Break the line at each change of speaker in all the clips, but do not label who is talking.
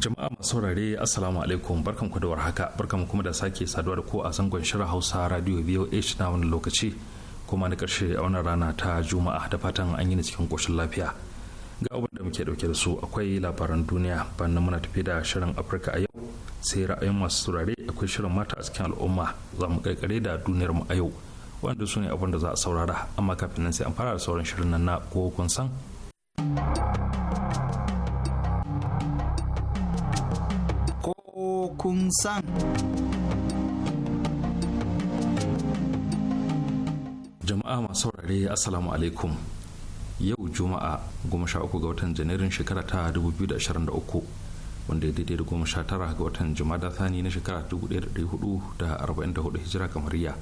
jama'a masu saurare assalamu alaikum barkan ku da warhaka barkan kuma da sake saduwa da ku a zangon shirin hausa radio voh na wani lokaci kuma na karshe a wannan rana ta juma'a da fatan an yi cikin koshin lafiya ga abin da muke dauke da su akwai labaran duniya bannan muna tafi da shirin afirka a yau sai ra'ayin masu saurare akwai shirin mata a cikin al'umma za mu karkare da duniyar mu a yau wanda su ne abin da za a saurara amma kafin nan sai an fara da sauran shirin nan na ko kun san
kun san.
Jama'a masu saurare Assalamu alaikum. Yau Juma'a goma sha uku ga watan Janairun shekara ta 2023 wanda ya daidai da goma sha tara ga watan da Thani na shekara 1444 hijira kamariya.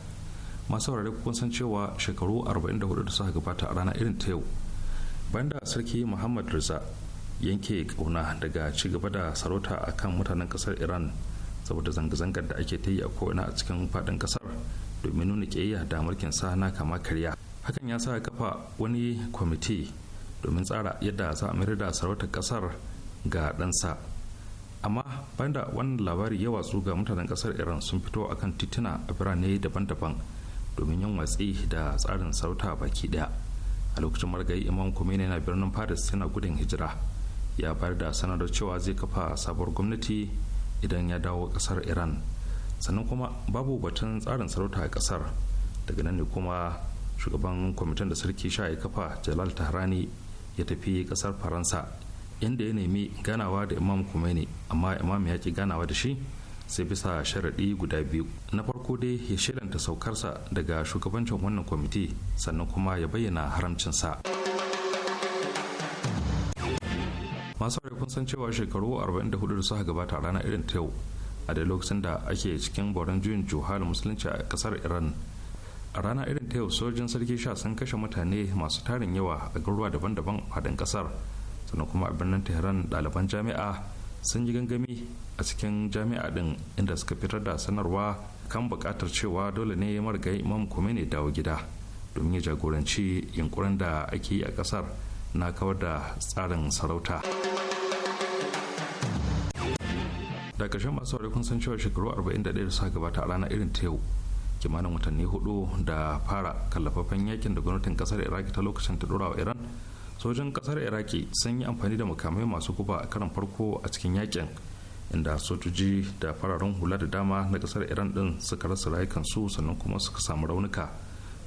Masu saurare kun san cewa shekaru 44 da suka gabata a rana irin ta yau. bayan da sarki Muhammad Riza yanke kauna daga ci gaba da sarauta a kan mutanen kasar iran saboda zanga-zangar da ake ta yi a ko'ina a cikin faɗin ƙasar domin nuna ƙiyayya da mulkin sa na kama karya hakan ya sa kafa wani kwamiti domin tsara yadda za a mayar da sarautar ƙasar ga ɗansa amma bayan da wannan labari ya watsu ga mutanen ƙasar iran sun fito akan tituna a birane daban-daban domin yin watsi da tsarin sarauta baki ɗaya a lokacin margayi imam kumene na birnin paris yana gudun hijira ya bayar da sanarwar cewa zai kafa sabuwar gwamnati idan ya dawo kasar iran sannan kuma babu batun tsarin sarauta a kasar daga nan ne kuma shugaban kwamitin da sarki sha ya kafa jalal tahrani ya tafi kasar faransa inda ya nemi ganawa da imam ne amma imam ya ki ganawa da shi sai bisa sharaɗi guda biyu na farko dai ya shirinta saukarsa daga shugabancin wannan kwamiti sannan kuma ya bayyana haramcinsa. sa masu aure kun san cewa shekaru 44 da suka gabata a ranar irin ta yau a da lokacin da ake cikin borin juyin juhal musulunci a kasar iran a rana irin ta yau sojin sarki sha sun kashe mutane masu tarin yawa a garuruwa daban-daban a hadin kasar sannan kuma a birnin tehran ɗaliban jami'a sun yi gangami a cikin jami'a din inda suka fitar da sanarwa kan buƙatar cewa dole ne marigayi imam kome ne dawo gida domin ya jagoranci yunkurin da ake yi a kasar. na kawar da tsarin sarauta da ƙarshen masu aure kun san cewa shekaru 41 da suka gabata a rana irin ta yau kimanin watanni hudu da fara kallafafen yakin da gwamnatin kasar iraki ta lokacin ta dora wa iran sojin kasar iraki sun yi amfani da makamai masu guba a karan farko a cikin yakin inda sojoji da fararen hula da dama na kasar iran din suka rasa rayukan su sannan kuma suka samu raunuka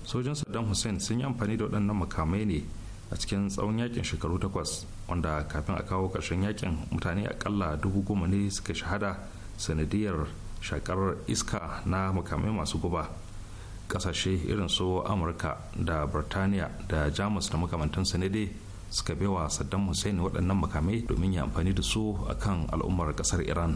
sojin saddam hussein sun yi amfani da waɗannan makamai ne a cikin tsawon yakin shekaru takwas wanda kafin a kawo ƙarshen yakin mutane akalla dubu goma ne suka shahada sanadiyar shakar iska na makamai masu guba ƙasashe irin su amurka da birtaniya da jamus da makamantansa ne dai suka baiwa saddam hussein waɗannan makamai domin ya amfani da su akan al'ummar ƙasar iran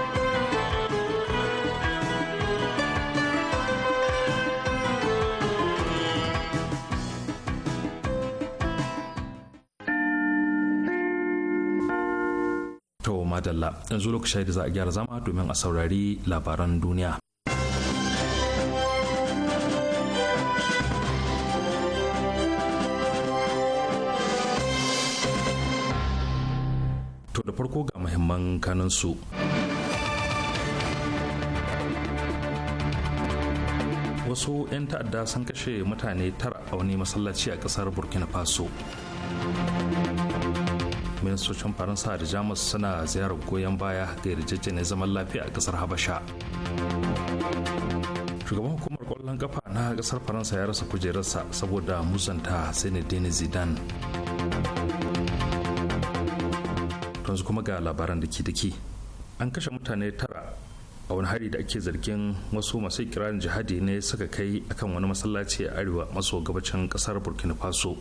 madalla yanzu lokacin da za a gyara zama domin a saurari labaran duniya to da farko ga muhimman kanansu wasu 'yan ta'adda sun kashe mutane tara a wani masallaci a kasar burkina faso ministocin faransa da jamus suna ziyarar goyon baya ga yarjejeniyar zaman lafiya a kasar habasha shugaban hukumar kwallon kafa na kasar faransa ya rasa kujerarsa saboda musanta zinedine zidane yanzu kuma ga labaran da ke dake an kashe mutane tara a wani hari da ake zargin wasu masu ikirarin jihadi ne suka kai akan wani masallaci a arewa maso gabacin kasar burkina faso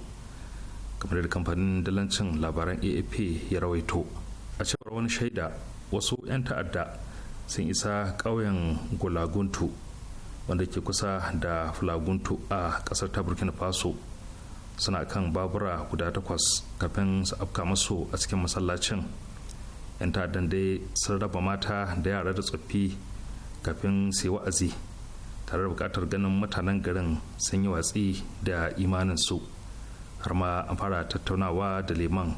kamar da kamfanin dalancin labaran aap ya rawaito a cewar wani shaida wasu 'yan ta'adda sun isa ƙauyen gulaguntu wanda ke kusa da fulaguntu a ƙasar ta burkina faso suna kan babura guda takwas kafin su afka masu a cikin masallacin 'yan ta'addan dai sun raba mata da yara da tsoffi kafin su yi wa'azi tare da bukatar ganin mutanen garin sun yi watsi da imanin su har ma an fara tattaunawa da liman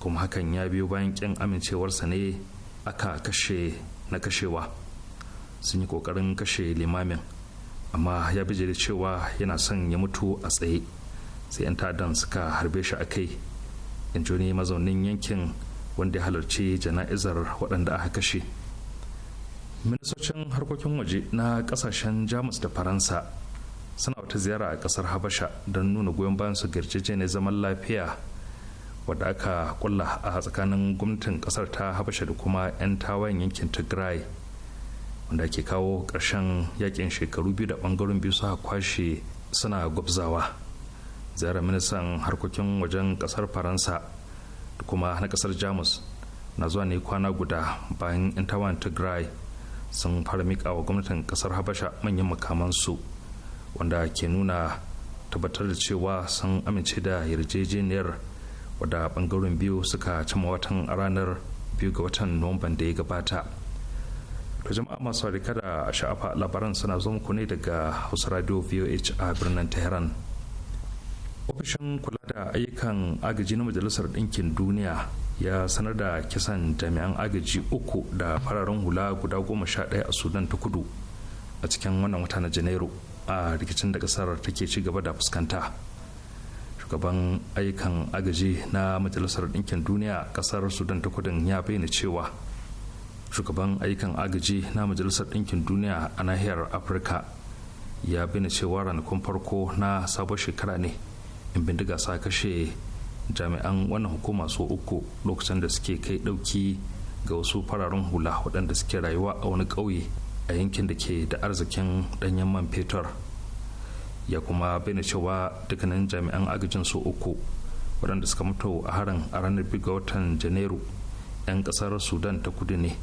kuma hakan ya biyo bayan kin amincewarsa ne aka kashe na kashewa sun yi kokarin kashe limamin amma ya da cewa yana son ya mutu a tsaye sai 'yan ta'addan suka harbe shi a kai in mazaunin yankin wanda ya halarci jana'izar waɗanda aka kashe ministocin harkokin waje na ƙasashen jamus da faransa suna wata ziyara a kasar habasha don nuna goyon bayan su ne zaman lafiya wadda aka kulla a tsakanin gwamnatin kasar ta habasha da kuma 'yan tawayen yankin tigray wanda ke kawo ƙarshen yakin shekaru biyu da ɓangaren biyu suka kwashe suna gwabzawa ziyarar ministan harkokin wajen kasar faransa da kuma na kasar jamus na zuwa ne kwana guda bayan 'yan tawayen tigray sun fara miƙa wa gwamnatin kasar habasha manyan makamansu wanda ke nuna tabbatar da cewa sun amince da yarjejeniyar wadda bangaren biyu suka cima watan ranar biyu ga watan nuwamban da ya gabata to jama'a masu harika da sha'afa labaran suna zo muku ne daga hausa radio voh a birnin tehran ofishin kula da ayyukan agaji na majalisar ɗinkin duniya ya sanar da kisan jami'an agaji uku da fararen hula guda goma sha ɗaya a sudan ta kudu a cikin wannan wata na janairu a rikicin da kasar take ci gaba da fuskanta shugaban ayyukan agaji na majalisar ɗinkin duniya kasar sudan ta kudin ya bayyana cewa shugaban ayyukan agaji na majalisar ɗinkin duniya a nahiyar afirka ya bayyana cewa ranakun farko na sabon shekara ne in bindiga sa kashe jami'an wannan hukuma su uku lokacin da suke kai ɗauki ga wasu fararen hula waɗanda suke rayuwa a wani ƙauye a yankin da ke da arzikin danyen man fetur ya kuma bayyana cewa dukkanin jami'an agajin su uku waɗanda suka mutu a harin a ranar biyu ga watan janairu 'yan ƙasar sudan ta kudu ne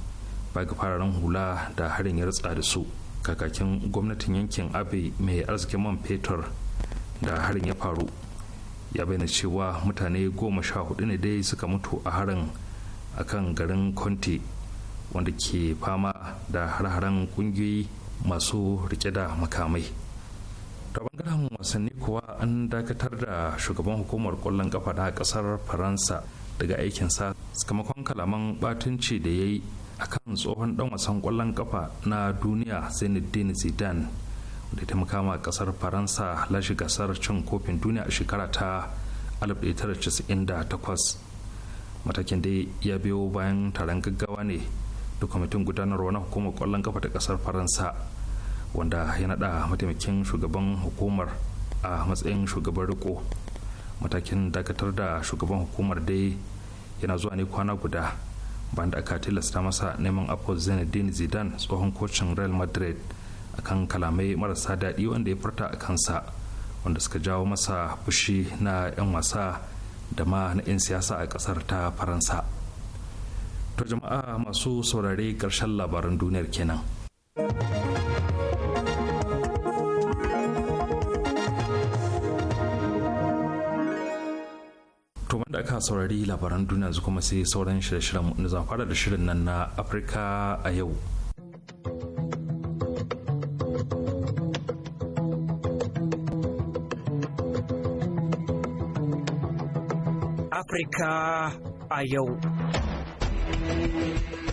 ba ga fararen hula da harin ya ritsa da su kakakin gwamnatin yankin abe mai arzikin man fetur da harin ya faru ya bayyana cewa mutane goma sha hudu ne dai suka mutu a harin akan garin konte. wanda ke fama da har-haren kungiyoyi masu rike da makamai ta bangaren wasanni kuwa an dakatar da shugaban hukumar kwallon kafa da kasar faransa daga aikinsa sakamakon kalaman batunci da ya yi a kan tsohon dan wasan kwallon kafa na duniya zinedine zidane da ta makama kasar faransa lashe gasar cin kofin duniya a shekara ta 1998 matakin da ya biyo bayan taron gaggawa ne da kwamitin gudanarwa na hukumar kwallon kafa ta kasar faransa wanda ya naɗa mataimakin shugaban hukumar a matsayin shugaban riko matakin dakatar da shugaban hukumar dai yana zuwa ne kwana guda bayan da aka tilasta masa neman afo zinedine zidane tsohon kocin real madrid akan kalamai marasa daɗi wanda ya furta a kansa wanda suka jawo masa fushi na 'yan wasa da ma na 'yan siyasa a ƙasar ta faransa to jama'a masu saurare ƙarshen labaran duniyar kenan. To wanda aka saurari labaran duniya yanzu kuma sai sauran shirye-shiryen mu zan da shirin nan na Afirka a yau.
Afirka
a yau.
Thank you.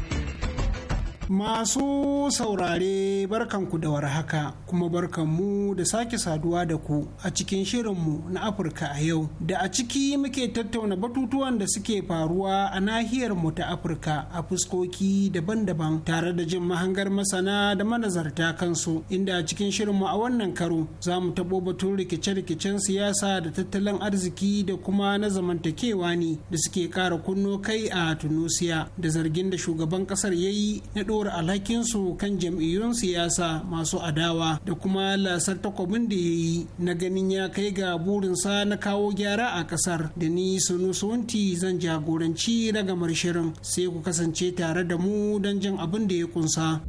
Masu saurare barkanku da warhaka kuma barkanmu da sake saduwa da ku a cikin shirinmu na Afirka a yau da a ciki muke tattauna batutuwan da suke faruwa a nahiyar mu ta Afirka a fuskoki daban-daban tare da jin mahangar masana da manazarta kansu inda a cikin shirinmu a wannan karo za mu tabo batun rikice-rikicen siyasa da tattalin arziki da kuma na zamantakewa ne da suke kara kunno kai a Tunusiya da zargin da shugaban kasar yi na ɗora alhakinsu kan jam'iyyun siyasa masu adawa da kuma lasar takwabin da ya yi na ganin ya kai ga burinsa na kawo gyara a kasar da ni sunusunti zan jagoranci ragamar shirin sai ku kasance tare da mu don jin abin da ya kunsa.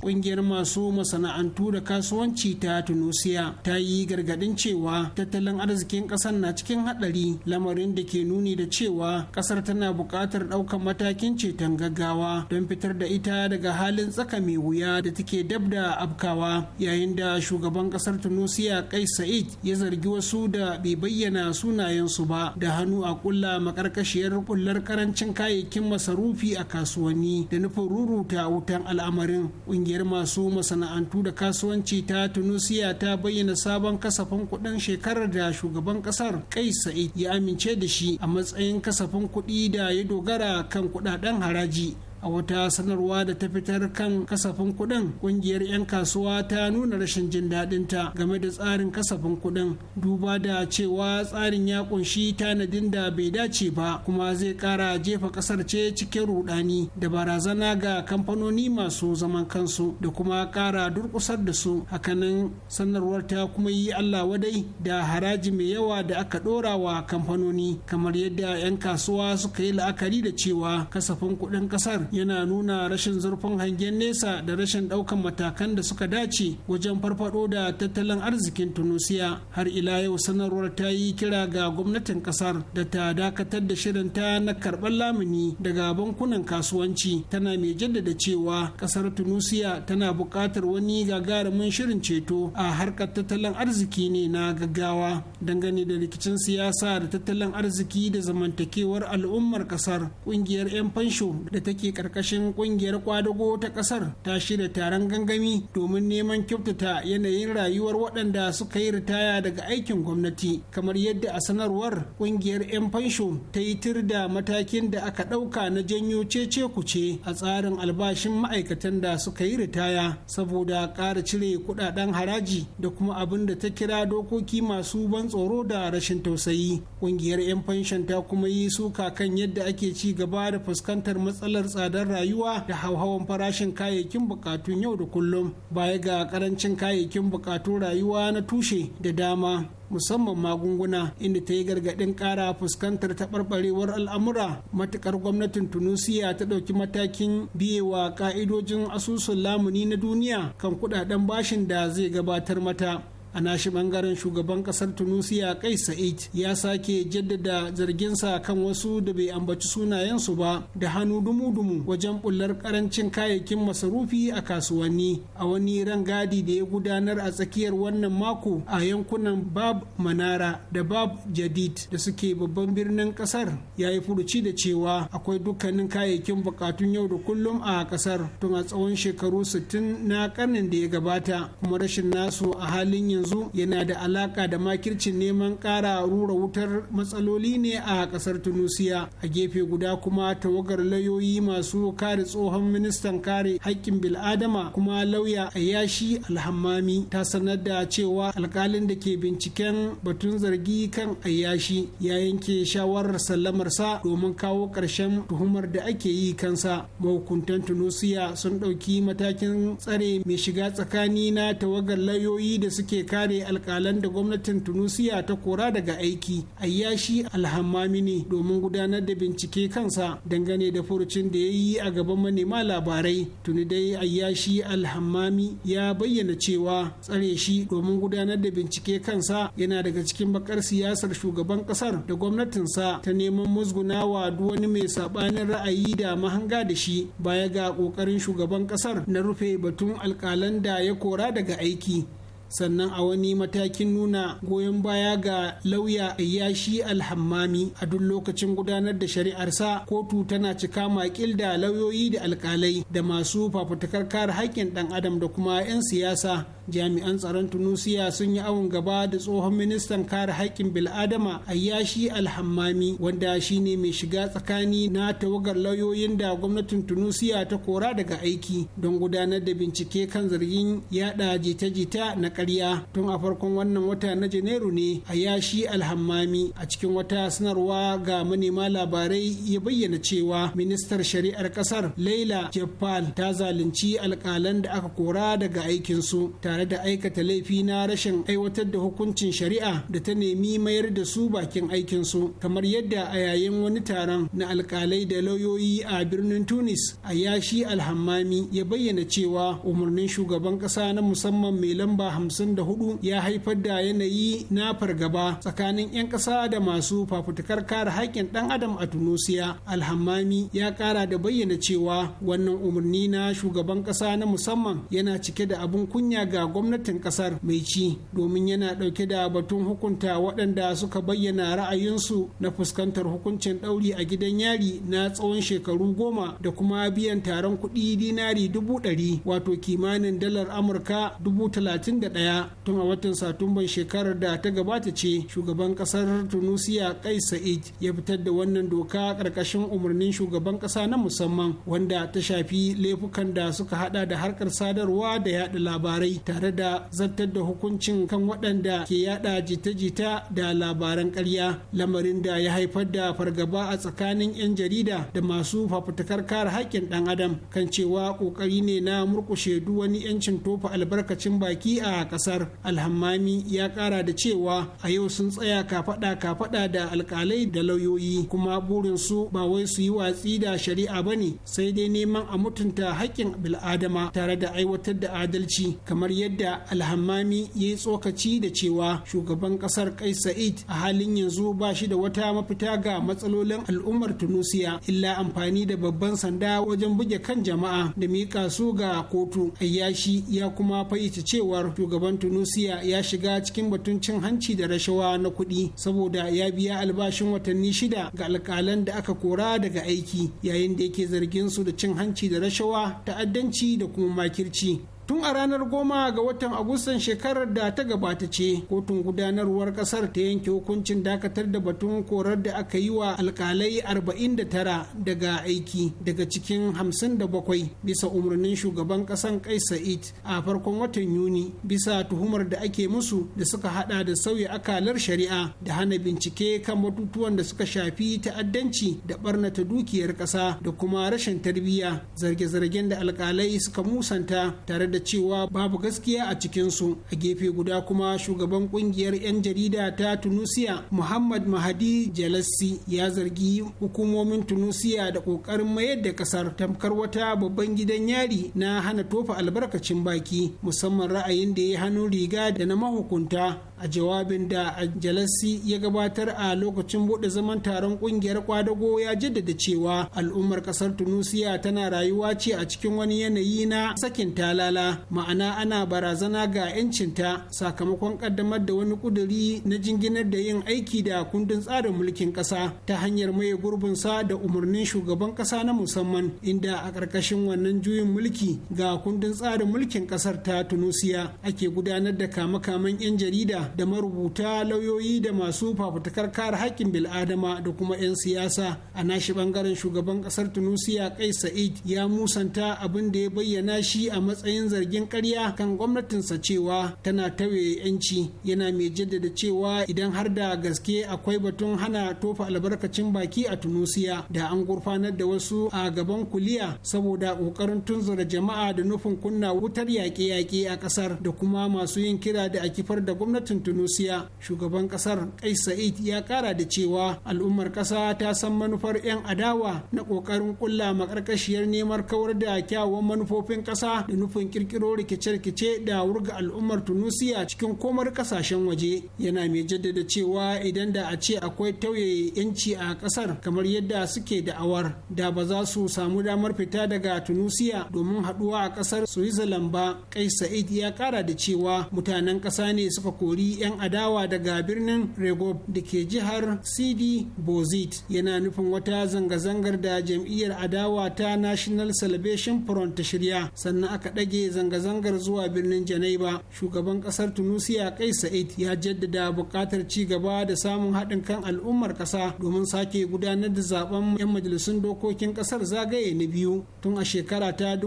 kungiyar masu masana'antu da kasuwanci ta tunusiya ta yi gargadin cewa tattalin arzikin kasar na cikin hadari lamarin da ke nuni da cewa kasar tana buƙatar ɗaukar matakin ceton gaggawa don fitar da ita daga halin tsaka mai wuya da take dab da afkawa yayin da shugaban kasar tunusiya kai sa'id ya zargi wasu da bai bayyana sunayensu ba da hannu a kulla makarkashiyar kullar karancin kayayyakin masarufi a kasuwanni da nufin ruruta wutan al'amarin kungiyar masu masana'antu da kasuwanci ta Tunusiya ta bayyana sabon kasafin kuɗin shekarar da shugaban kasar kai Sa'id ya amince da shi a matsayin kasafin kudi da ya dogara kan kudaden haraji. a wata sanarwa da ta fitar kan kasafin kuɗin ƙungiyar 'yan kasuwa ta nuna rashin jin daɗinta game da tsarin kasafin kuɗin duba da cewa tsarin ya ƙunshi tanadin da bai dace ba kuma zai ƙara jefa ƙasar ce cikin rudani da barazana ga kamfanoni masu zaman kansu da kuma ƙara durƙusar da su hakanan sanarwar ta kuma yi allah wadai da haraji mai yawa da aka ɗora wa kamfanoni kamar yadda 'yan kasuwa suka yi la'akari da cewa kasafin kuɗin ƙasar yana nuna rashin zurfin hangen nesa da rashin ɗaukan matakan da suka dace wajen farfado da tattalin arzikin tunusiya har ila yau sanarwar ta yi kira ga gwamnatin kasar da ta dakatar da shirin ta na karɓar lamuni daga bankunan kasuwanci tana mai jaddada cewa kasar tunusiya tana buƙatar wani gagarumin shirin ceto a harkar tattalin arziki ne na gaggawa dangane da rikicin siyasa da tattalin arziki da zamantakewar al'ummar kasar ƙungiyar 'yan fansho da take karkashin kungiyar kwadago ta kasar ta shirya taron gangami domin neman kyautata yanayin rayuwar waɗanda suka yi ritaya daga aikin gwamnati kamar yadda a sanarwar kungiyar 'yan fansho ta yi tir da matakin da aka ɗauka na janyo cece kuce a tsarin albashin ma'aikatan da suka yi ritaya saboda ƙara cire kuɗaɗen haraji da kuma abin da ta kira dokoki masu ban tsoro da rashin tausayi kungiyar 'yan fanshon ta kuma yi suka kan yadda ake ci gaba da fuskantar matsalar tsada tsadar rayuwa da hauhawan farashin kayayyakin bukatun yau da kullum baya ga karancin kayayyakin bukatun rayuwa na tushe da dama musamman magunguna inda ta yi gargadin kara fuskantar taɓarɓarewar al'amura matuƙar gwamnatin tunisia ta ɗauki matakin biyewa ƙa'idojin asusun lamuni na duniya kan kuɗaɗen bashin da zai gabatar mata a nashi bangaren shugaban kasar tunisia kai sa'id ya sake jaddada zarginsa kan wasu da bai ambaci sunayensu ba da hannu dumu-dumu wajen bullar karancin kayayyakin masarufi a kasuwanni a wani rangadi da ya gudanar a tsakiyar wannan mako a yankunan bab manara da bab jadid da suke babban birnin kasar ya yi furuci da cewa akwai dukkanin kayayyakin bukatun yau da kullum a kasar tun a tsawon shekaru sittin na karnin da ya gabata kuma rashin nasu a halin yanzu yanzu yana da alaka da makircin neman ƙara rura wutar matsaloli ne a ƙasar tunusiya a gefe guda kuma tawagar lauyoyi masu kare tsohon ministan kare haƙƙin bil'adama kuma lauya a yashi alhammami ta sanar da cewa alkalin da ke binciken batun zargi kan ayyashi ya yanke shawarar sallamarsa domin kawo ƙarshen tuhumar da ake yi kansa mahukuntan tunusiya sun ɗauki matakin tsare mai shiga tsakani na tawagar lauyoyi da suke kare alkalan da gwamnatin tunisia ta kora daga aiki ayyashi alhammami ne domin gudanar da bincike kansa dangane da furucin da ya yi a gaban manema labarai tuni dai ayyashi alhammami ya bayyana cewa tsare shi domin gudanar da bincike kansa yana daga cikin bakar siyasar shugaban kasar da gwamnatinsa ta neman musgunawa duk wani mai sabanin ra'ayi da mahanga da shi baya ga kokarin shugaban kasar na rufe batun alkalan da ya kora daga aiki sannan a wani matakin nuna goyon baya ga lauya yashi alhammami a duk lokacin gudanar da shari'arsa kotu tana cika makil da lauyoyi da alkalai da masu fafutukar kare haƙƙin ɗan adam da kuma 'yan siyasa jami'an tsaron tunusiya sun yi awon gaba da tsohon ministan kare haƙƙin bil'adama a ayyashi alhammami wanda shine mai shiga tsakani na tawagar lauyoyin da gwamnatin tunusiya ta kora daga aiki don gudanar da bincike kan zargin yada jita-jita na karya tun a farkon wannan wata na janairu ne a yashi alhammami a cikin wata sanarwa ga manema labarai ya bayyana cewa ministar shari'ar kasar laila jeffal ta zalunci alƙalan da aka kora daga aikinsu tare da aikata laifi na rashin aiwatar da hukuncin shari'a da ta nemi mayar da su bakin aikinsu kamar yadda a yayin wani taron na alkalai da lauyoyi a birnin tunis a yashi alhammami ya bayyana cewa umarnin shugaban kasa na musamman mai lamba 54 ya haifar da yanayi na fargaba tsakanin 'yan ƙasa da masu fafutukar kare haƙƙin ɗan adam a tunusiya alhammami ya ƙara da bayyana cewa wannan umarni na shugaban ƙasa na musamman yana cike da abin kunya ga gwamnatin ƙasar mai ci domin yana ɗauke da batun hukunta waɗanda suka bayyana ra'ayinsu na fuskantar hukuncin ɗauri a gidan yari na tsawon shekaru goma da kuma biyan taron kuɗi dinari dubu ɗari wato kimanin dalar amurka dubu talatin da daya tun a watan satumban shekarar da ta gabata ce shugaban ƙasar tunisia kai sa'id ya fitar da wannan doka ƙarƙashin umarnin shugaban ƙasa na musamman wanda ta shafi laifukan da suka hada da harkar sadarwa da yada labarai tare da zartar da hukuncin kan waɗanda ke yada jita-jita da labaran karya, lamarin da ya haifar da fargaba a tsakanin 'yan jarida da masu fafutukar kare haƙƙin ɗan adam kan cewa ƙoƙari ne na murƙushe duk wani 'yancin tofa albarkacin baki a kasar alhammami ya kara da cewa a yau sun tsaya kafada kafada da alkalai da lauyoyi kuma burinsu ba wai su yi watsi da shari'a ba ne sai dai neman a mutunta haƙƙin bil'adama tare da aiwatar da adalci kamar yadda alhammami ya yi tsokaci da cewa shugaban kasar kai sa'id a halin yanzu ba shi da wata mafita ga matsalolin al'ummar tunusiya illa amfani da babban sanda wajen buge kan jama'a da miƙa su ga kotu ayyashi ya kuma fayyace cewar shugaban shugaban tunisia ya shiga cikin batun cin hanci da rashawa na kuɗi saboda ya biya albashin watanni shida ga alƙalan da aka kora daga aiki yayin da yake zargin su da cin hanci da rashawa ta'addanci da kuma makirci tun a ranar goma ga watan agustan shekarar da ta gabata ce kotun gudanarwar kasar ta yanke hukuncin dakatar da batun korar da aka yi wa alkalai 49 daga aiki daga cikin 57 bisa umarnin shugaban kasan kai sa'id a farkon watan yuni bisa tuhumar da ake musu da suka hada da sauya akalar shari'a da hana bincike kan batutuwan da suka shafi ta'addanci da barnata dukiyar kasa da kuma rashin tarbiyya zarge-zargen da alkalai suka musanta tare da cewa babu gaskiya a cikinsu a gefe guda kuma shugaban kungiyar 'yan jarida ta tunisia muhammad mahadi jalassi ya zargi hukumomin tunisia da kokarin mayar da kasar tamkar wata babban gidan yari na hana tofa albarkacin baki musamman ra'ayin da ya hannu riga da na mahukunta a jawabin da jalasi ya gabatar a lokacin buɗe zaman taron ƙungiyar kwadago ya jaddada cewa al'ummar ƙasar tunusiya tana rayuwa ce a cikin wani yanayi na sakin talala ma'ana ana barazana ga 'yancinta sakamakon ƙaddamar da wani ƙuduri na jinginar da yin aiki da kundin tsarin mulkin ƙasa ta hanyar maye gurbinsa da umarnin shugaban ƙasa na musamman inda a ƙarƙashin wannan juyin mulki ga kundin tsarin mulkin ƙasar ta tunusiya ake gudanar da kama-kaman 'yan jarida da marubuta lauyoyi da masu fafutukar kare haƙƙin bil'adama da kuma 'yan siyasa a nashi ɓangaren shugaban ƙasar tunusiya kai sa'id ya musanta abin da ya bayyana shi a matsayin zargin ƙarya kan gwamnatinsa cewa tana tauye 'yanci yana mai jaddada cewa idan har da gaske akwai batun hana tofa albarkacin baki a tunusiya da an gurfanar da wasu a gaban kuliya saboda ƙoƙarin tunzura jama'a da nufin kunna wutar yaƙe-yaƙe a ƙasar da kuma masu yin kira da a kifar da gwamnatin tunisiya shugaban kasar kai sa'id ya kara da cewa al'ummar kasa ta san manufar 'yan adawa na kokarin kulla makarkashiyar neman kawar da kyawawan manufofin kasa da nufin kirkiro rikice-rikice da wurga al'ummar tunisiya cikin komar kasashen waje yana mai jaddada cewa idan da a ce akwai tauye 'yanci a kasar kamar yadda suke da'awar da ba za su samu damar fita daga tunisiya domin haɗuwa a kasar switzerland ba kai sa'id ya kara da cewa mutanen ƙasa ne suka kori 'yan adawa daga birnin Regob da ke jihar Sidi Bozit yana nufin wata zanga-zangar da jam'iyyar adawa ta National Salvation Front ta shirya sannan aka ɗage zanga-zangar zuwa birnin Janaiba. Shugaban ƙasar Tunusiya Kai Sa'id ya jaddada buƙatar ci gaba da samun haɗin kan al'ummar ƙasa domin sake gudanar da zaben 'yan majalisun dokokin ƙasar zagaye na biyu tun a shekara ta da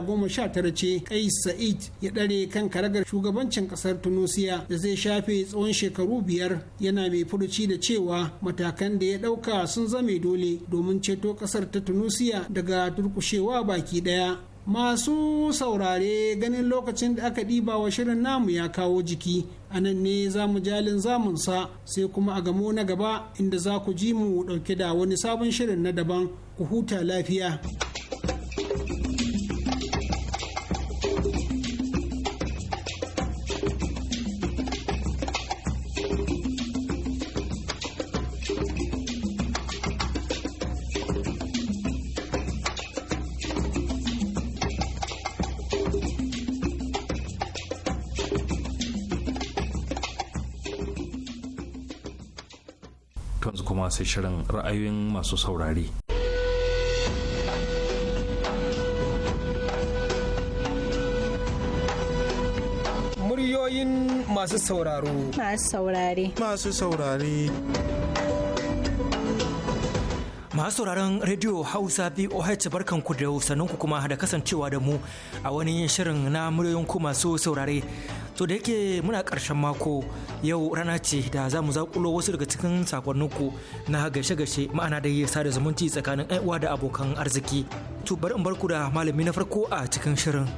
goma sha 2019 ce Kai Sa'id ya ɗare kan karagar shugabancin ƙasar Tunusiya da zai zai shafe tsawon shekaru biyar yana mai furuci da cewa matakan da ya ɗauka sun zame dole domin ceto ƙasar ta tunusiya daga turkushewa baki ɗaya masu saurare ganin lokacin da aka ɗiba wa shirin namu ya kawo jiki a nan ne za mu jalin zamunsa sai kuma a gamo na gaba inda za ku ji mu ɗauke da wani sabon shirin na daban ku huta lafiya.
sai shirin ra'ayoyin masu saurari.
Muryoyin masu sauraro.
Masu saurare.
Masu saurare. masu sauraron rediyo hausa boh barkan ku da sannan ku kuma da kasancewa da mu a wani shirin na muryoyin ku masu saurare To da yake muna karshen mako yau rana ce da za mu zaƙulo wasu daga cikin sakonninku na gashe-gashe ma'ana da yi sada zumunci tsakanin uwa da abokan arziki. To bari in ku da malami na farko a cikin shirin.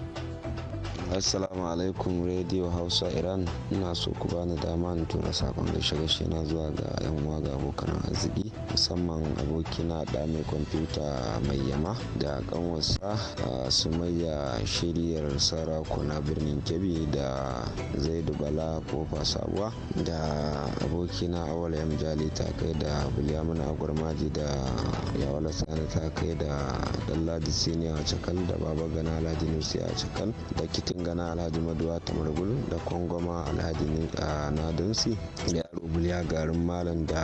assalamu alaikum radio hausa iran ina so ku bani dama in tura sakon gaishe gaishe na zuwa ga yan uwa ga abokan arziki musamman abokina da mai kwamfuta mai yama da kanwarsa sumayya shiryar na birnin kebbi da zaidu bala kofa sabuwa da abokina awala mujali ta kai da bulyamuna agwarmaji da yawala sani ta kai da dalladi siniya a cakal da baba gana alhaji nusi a cakal da kitin gana alhaji maduwa tamargul da kwangwama alhaji nadunsi da biliya garin malam da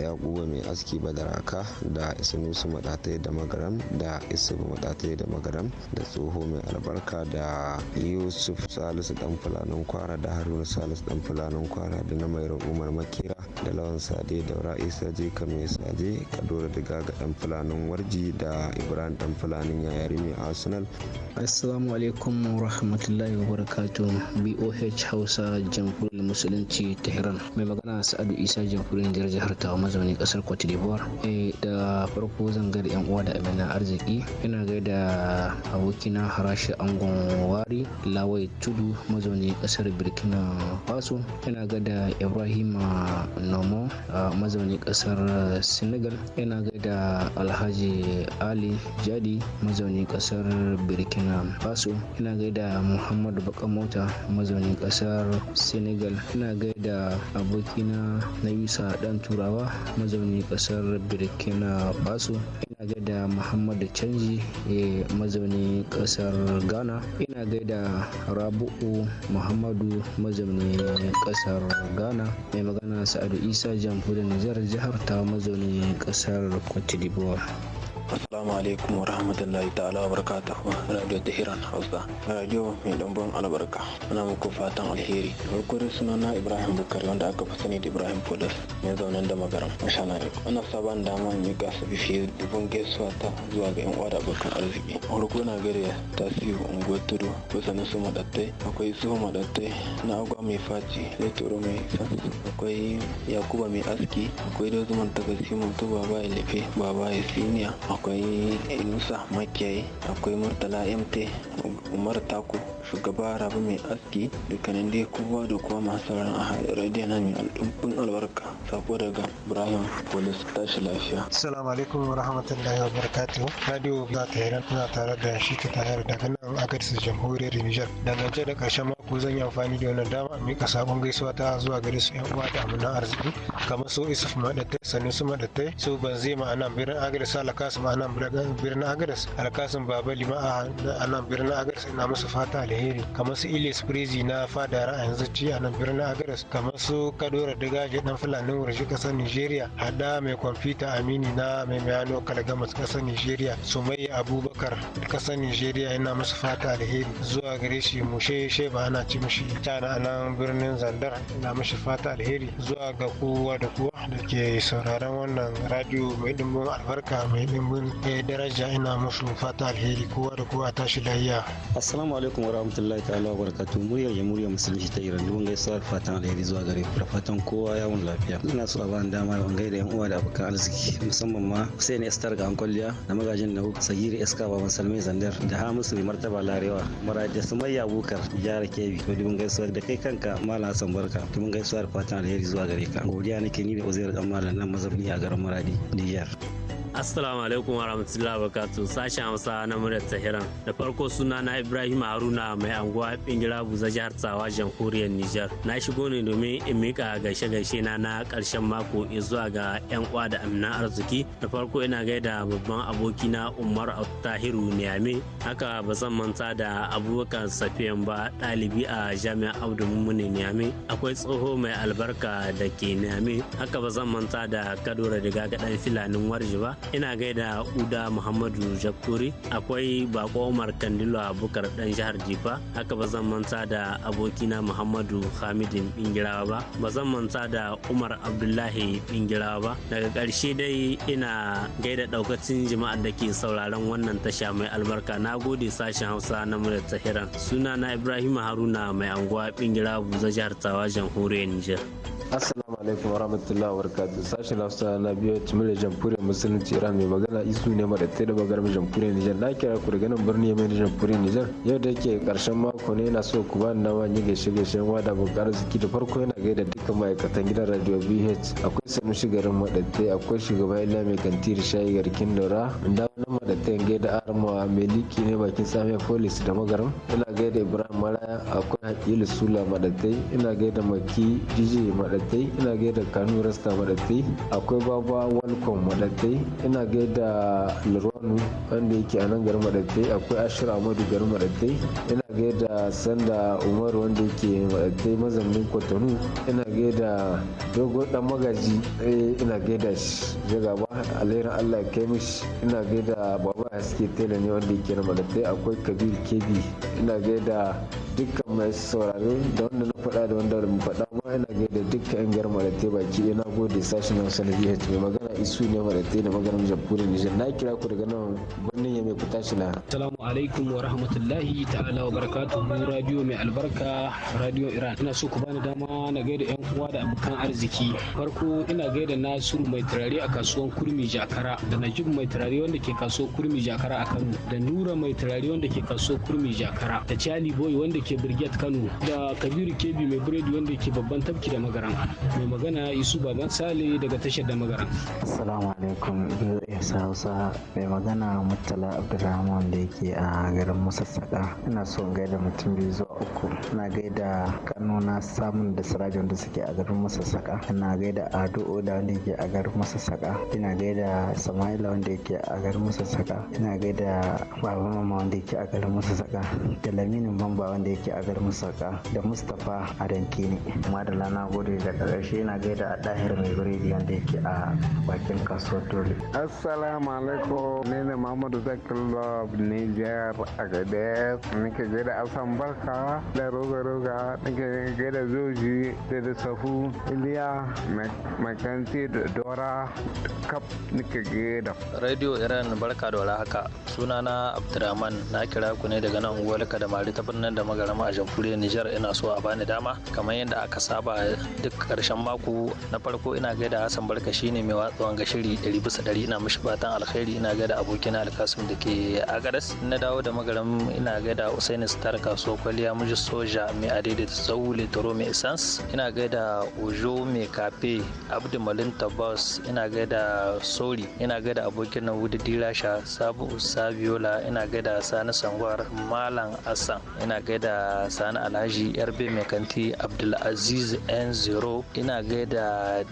ya kuwa mai aski badaraka da isinusu matatai da magaram da isubu matatai da magaram da tsoho mai albarka da yusuf salisu dan fulanin kwara da haruna salisu dan fulanin kwara da na mai umar makera da lawan sade da ra'isa jika mai sade kadora diga ga dan fulanin warji da ibrahim dan fulanin yayari mai arsenal
assalamu alaikum rahmatullahi wa barakatuh boh hausa jamhuriyar musulunci tehran mai magana sa'adu isa jamhuriyar jihar jihar tawa mazauni kasar cote d'ivoire eh, da farko zan gaida yan uwa da amina arziki yana gaida abokina harashi angon wari lawai tudu mazauni kasar birkina faso ina gaida ibrahima nomo mazauni kasar senegal ina gaida alhaji ali jadi mazauni kasar birkina faso ina gaida muhammadu bakamota mazauni kasar senegal ina gaida abokina. abokina na isa dan turawa mazaunin kasar burkina faso ina gaida muhammadu canji eh, mazaunin kasar ghana ina gaida rabu'u muhammadu mazauni kasar ghana mai magana sa'adu isa jamhuriyar nijar jihar ta mazaunin kasar cote d'ivoire
Assalamu alaikum warahmatullahi rahmatullahi ta'ala wa barakatuhu Radio Tehran Hausa. Radio mai dambon albarka. Ana muku fatan alheri. Farko suna na Ibrahim Bukari wanda aka fi sani da Ibrahim Polis mai zaunan da magaram. Masha Allah. Ana saban dama mai gasa bifi dubun gaisuwa ta zuwa ga yan uwa da abokan arziki. Farko na gare tasiri unguwar tudu kusa na su madattai. Akwai su madattai na agwa mai faci turo mai Akwai Yakuba mai aski. Akwai dozuman tagasi mutu baba ya lafe baba ya siniya. akwai inusa makiyayi akwai murtala mt umar taku shugaba rabu mai aski dukkanin dai kowa da kowa masu sauran a radiyon na mai al'umbin albarka sako daga ibrahim polis tashi lafiya
assalamu alaikum wa rahmatullahi wa barakatuhu radio za ta yi tana tare da shi ta tare daga nan agadis jamhuriyar nijar dangance da karshen mako zan yi amfani da wannan dama mika sabon gaisuwa ta
zuwa gare su yan uwa da na arziki kamar su isuf maɗatai sani su maɗatai su banze ma'anan birnin agadas alakasim ma'anan birnin agadas alakasim babali ma'anan birnin
agadas ina musu fata alheri kamar su ilis prezi na fada ra'ayin zuci a nan birnin agares kamar su kadora dagaje dan fulanin wurin kasar nigeria hada mai kwamfuta amini na mai mayano kalgamas kasar nigeria sumayya abubakar kasar nigeria yana musu fata alheri zuwa gare shi mushe sheba ana ci mishi tana a nan birnin zandar na mishi fata alheri zuwa ga kowa da kowa da ke sauraron wannan radio mai
dimbin albarka mai dimbin eh, daraja ina musu fata alheri kowa da kowa tashi lafiya
assalamu alaikum rahmatullahi ta'ala wa barakatuh muryar jamhuriyar musulunci ta iran dubin gaisuwa da fatan alheri zuwa gare ku da fatan kowa ya mun lafiya ina so a bani dama yawan gaida yan uwa da abokan arziki musamman ma na estar ga kwalliya da magajin Nau, hukun sagiri eska ba salmai zandar da hamisu musu martaba larewa mara da sumayya abokar jihar kebbi to dubin gaisuwa da kai kanka malam hassan barka dubin gaisuwa da fatan alheri zuwa gare ka godiya nake ni da uzair kamar nan mazabni a garin maradi niger
Assalamu alaikum warahmatullahi wabarakatuh sashen Hausa na murar Tahiran. Da farko suna na Ibrahim Haruna mai anguwa Bingira Buza jihar Tsawa jamhuriyar Nijar. Na shigo ne domin in mika gaishe gaishe na na karshen mako zuwa ga yan uwa da amina arziki. Da farko ina gaida babban aboki na Umar Tahiru Niyame. Haka ba zan manta da abubakar safiyan ba ɗalibi a jami'ar Abdul Mummuni Niyame. Akwai tsoho mai albarka da ke Niyame. Haka ba zan manta da Kadora Diga Gaɗan Filanin Warji ba. ina gaida uda muhammadu jakuri akwai bako umar kandilo abubakar dan jihar jifa haka ba zan manta da abokina muhammadu hamidin bingirawa ba ba zan manta da umar abdullahi bingirawa ba daga karshe dai ina gaida ɗaukacin jama'ar da ke sauraron wannan tasha mai albarka na gode sashen hausa na muryar tahiran suna na ibrahim haruna mai anguwa bingirawa buza jihar tawa jamhuriyar niger
assalamu alaikum warahmatullahi wabarakatuh sashen hausa na biyu jamhuriyar musulunci Tera mai magana isu ne maɗatai da bagarma jamhuriyar Nijar. Na kira ku daga nan birni mai jamhuriyar Nijar. Yau da yake karshen mako ne na so ku bani dama yi gaishe gaishe yan wada bukar ziki da farko yana gaida dukkan ma'aikatan gidan radio BH. Akwai sanu garin madadai akwai shugaba Ila mai kantir shayi garkin Dora. Inda wani maɗatai gaida Arma mai liki ne bakin Samiya Police da Magaram. Ina gaida Ibrahim Maraya, akwai Hakilu Sula maɗatai, ina gaida Maki DJ maɗatai, ina gaida Kanu Rasta maɗatai, akwai Baba Walcom maɗatai, ina gaida lurwanu wanda yake a nan garin madaddai akwai ashir amadu garin madaddai ina gaida sanda umaru wanda yake madaddai mazaunin kwatano ina gaida dogon dan magaji eh, ina gaida shi gaba alherin allah ya kai mishi ina gaida baba suke tela ne wanda yake na madaddai akwai kabir kebi ina gaida dukkan mai saurare da wanda na faɗa da wanda mu faɗa ma ina gaida dukkan yan garin madaddai baki ina gode sashen hausa na bh magana isu ne wadatai da maganin jamhuriyar nijar na kira ku daga nan birnin ya mai kuta shi na
salamu alaikum wa rahmatullahi ta'ala wa barakatu mu radio mai albarka radio iran ina so ku bani dama na gaida yan uwa da abokan arziki farko ina gaida nasiru mai turare a kasuwan kurmi jakara da najib mai turare wanda ke kasuwan kurmi jakara a kano da nura mai turare wanda ke kasuwan kurmi jakara da charlie boy wanda ke birget kano da kabiru kebi mai biredi wanda ke babban tafki da magaran mai magana isu baban sale daga tashar da magaran Assalamu alaikum BOS Hausa mai magana Murtala Abdulrahman da yake a garin Musassaka. Ina so in gaida mutum biyu uku na gaida kanuna samun da sirajin da suke a garin masassaka Na gaida ado da wanda yake a garin masassaka ina gaida sama'ila wanda yake a garin masassaka ina gaida baba mama wanda yake a garin masassaka da laminin bamba wanda yake a garin masassaka da mustapha a dankini kuma da lana gode da karshe ina gaida a dahir mai biredi wanda yake a bakin kasuwar dole
assalamu alaikum ne ne mamadu zakir love niger agadez nake gaida asan barka da roga roga da zoji da da safu iliya makanti da dora kap gaida
radio iran barka da wala haka sunana abdurrahman na kira ku ne daga nan da mari ta birnin da magarama a jamhuriyar nijar ina so a bani dama kamar yadda aka saba duk karshen mako na farko ina gaida hassan barka shine mai watsuwan ga shiri 100 bisa ɗari ina mishi fatan alkhairi ina gaida abokina alkasim da ke agaras na dawo da magaram ina gaida usaini star kasuwa kwaliya namiji soja mai adaidaita zaule litoro mai essence ina gaida ojo mai kafe abdu malin tabbas ina gaida sori ina gaida abokin nan wudu dirasha sabu sabiola ina gaida sani sangwar malam asan ina gaida sani alhaji yarbe mai kanti abdulaziz n 0 ina gaida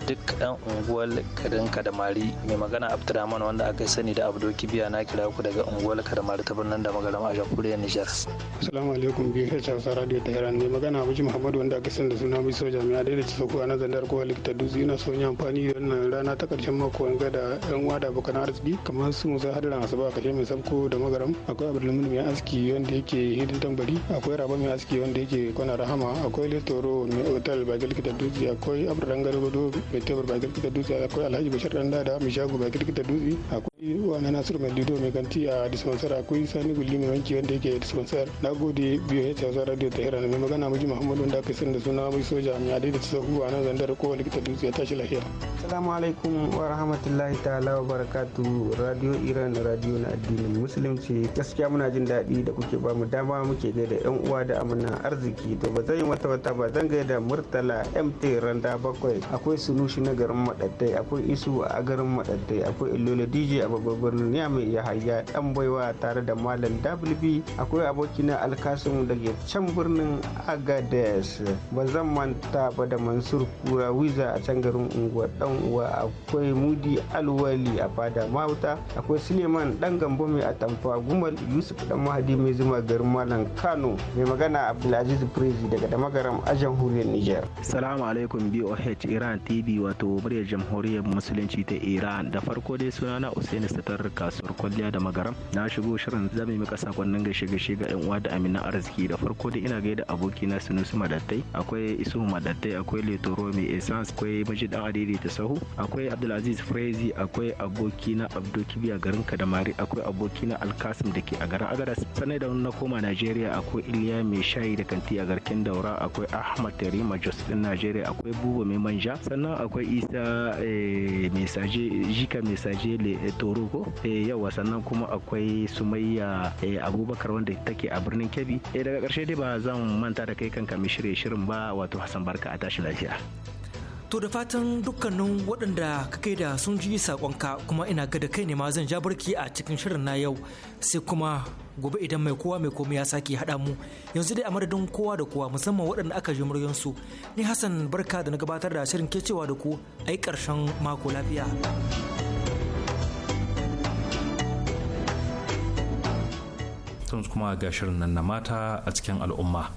duk yan unguwar garin kadamari mai magana abdurrahman wanda aka sani da abdo kibiya na kira ku daga unguwar kadamari ta birnin da magarama a jamhuriyar nijar
assalamu alaikum biyu tashar Hausa Radio Tehran ne magana Abuji Muhammadu wanda aka sani da suna mai soja mai adai da sauko a nan zandar ko likita dutse ina son yi amfani da wannan rana ta karshen mako wanga da yan wada na arziki kamar su Musa Hadiran Asaba kashe mai sabko da magaram akwai Abdulmumin mai aski wanda yake hidin tambari akwai Raba mai aski wanda yake kwana rahama akwai litoro mai otal bakin likita dutse akwai Abdulran Garibado mai tebur bakin likita dutse akwai Alhaji Bashir dada mai shago bakin likita dutse akwai wani Nasiru Mai Lido mai kanti a dispensar akwai Sani Gulli mai wanki wanda yake dispensar
na gode biyu ya gidan radio ta hira mai magana miji muhammadu da aka da suna mai soja mai adai da sahu a nan zandar kowa likita dutse ya tashi lafiya. salamu alaikum wa rahmatullahi ta'ala wa barakatu radio iran radio na addinin musulunci gaskiya muna jin daɗi da kuke ba mu dama muke gaida yan uwa da amina arziki to ba zan yi wata wata ba zan gaida murtala mt randa bakwai akwai sunushi na garin madaddai akwai isu a garin madaddai akwai ilola dj a babban birnin ya mai yahaya dan baiwa tare da malam wb akwai abokina alkasun da ke can birnin agadez ba zan manta ba da mansur kura wiza a can garin unguwar dan uwa akwai mudi alwali a fada mauta akwai suleiman dan gambo mai atamfa gumal yusuf dan mahadi mai zuma garin malam kano mai magana abdulaziz prezi daga damagaram a jamhuriyar niger
salamu alaikum boh iran tv wato muryar jamhuriyar musulunci ta iran da farko dai sunana usaini sitar kasuwar kwalliya da magaram na shigo shirin zame maka sakonnin gaishe gaishe ga yan uwa da amina arziki da farko ko dai ina gaida abokina Sunusi Madattai, akwai isu Madattai, akwai Letoro mai esans akwai Majid Adili ta Sahu, akwai Abdulaziz Frezi, akwai abokina Abdul Kibiya garin Kadamari, akwai abokina Alkasim da ke a garin Agadas. Sannan da na koma Najeriya akwai Iliya mai shayi da kanti a garken Daura, akwai Ahmad Tarima Jos din Najeriya, akwai Buba mai manja, sannan akwai Isa eh, mai saje Jika mai saje Letoro eh, ko eh, yawa sannan kuma akwai Sumayya Abubakar wanda take a birnin Kebbi. Daga ƙarshe dai ba zan manta da kai kanka mai shirye shirin ba wato Hassan Barka a tashi lafiya.
To da fatan dukkanin waɗanda ka kai da sun ji saƙonka kuma ina ga da kai ne ma zan ja barki a cikin shirin na yau sai kuma gobe idan mai kowa mai komai ya sake haɗa mu yanzu dai a madadin kowa da kowa musamman waɗanda aka ji muryansu ni Hassan barka da na gabatar da shirin ke cewa da ku ai ƙarshen mako lafiya.
tun kuma ga shirin nan na mata a cikin al'umma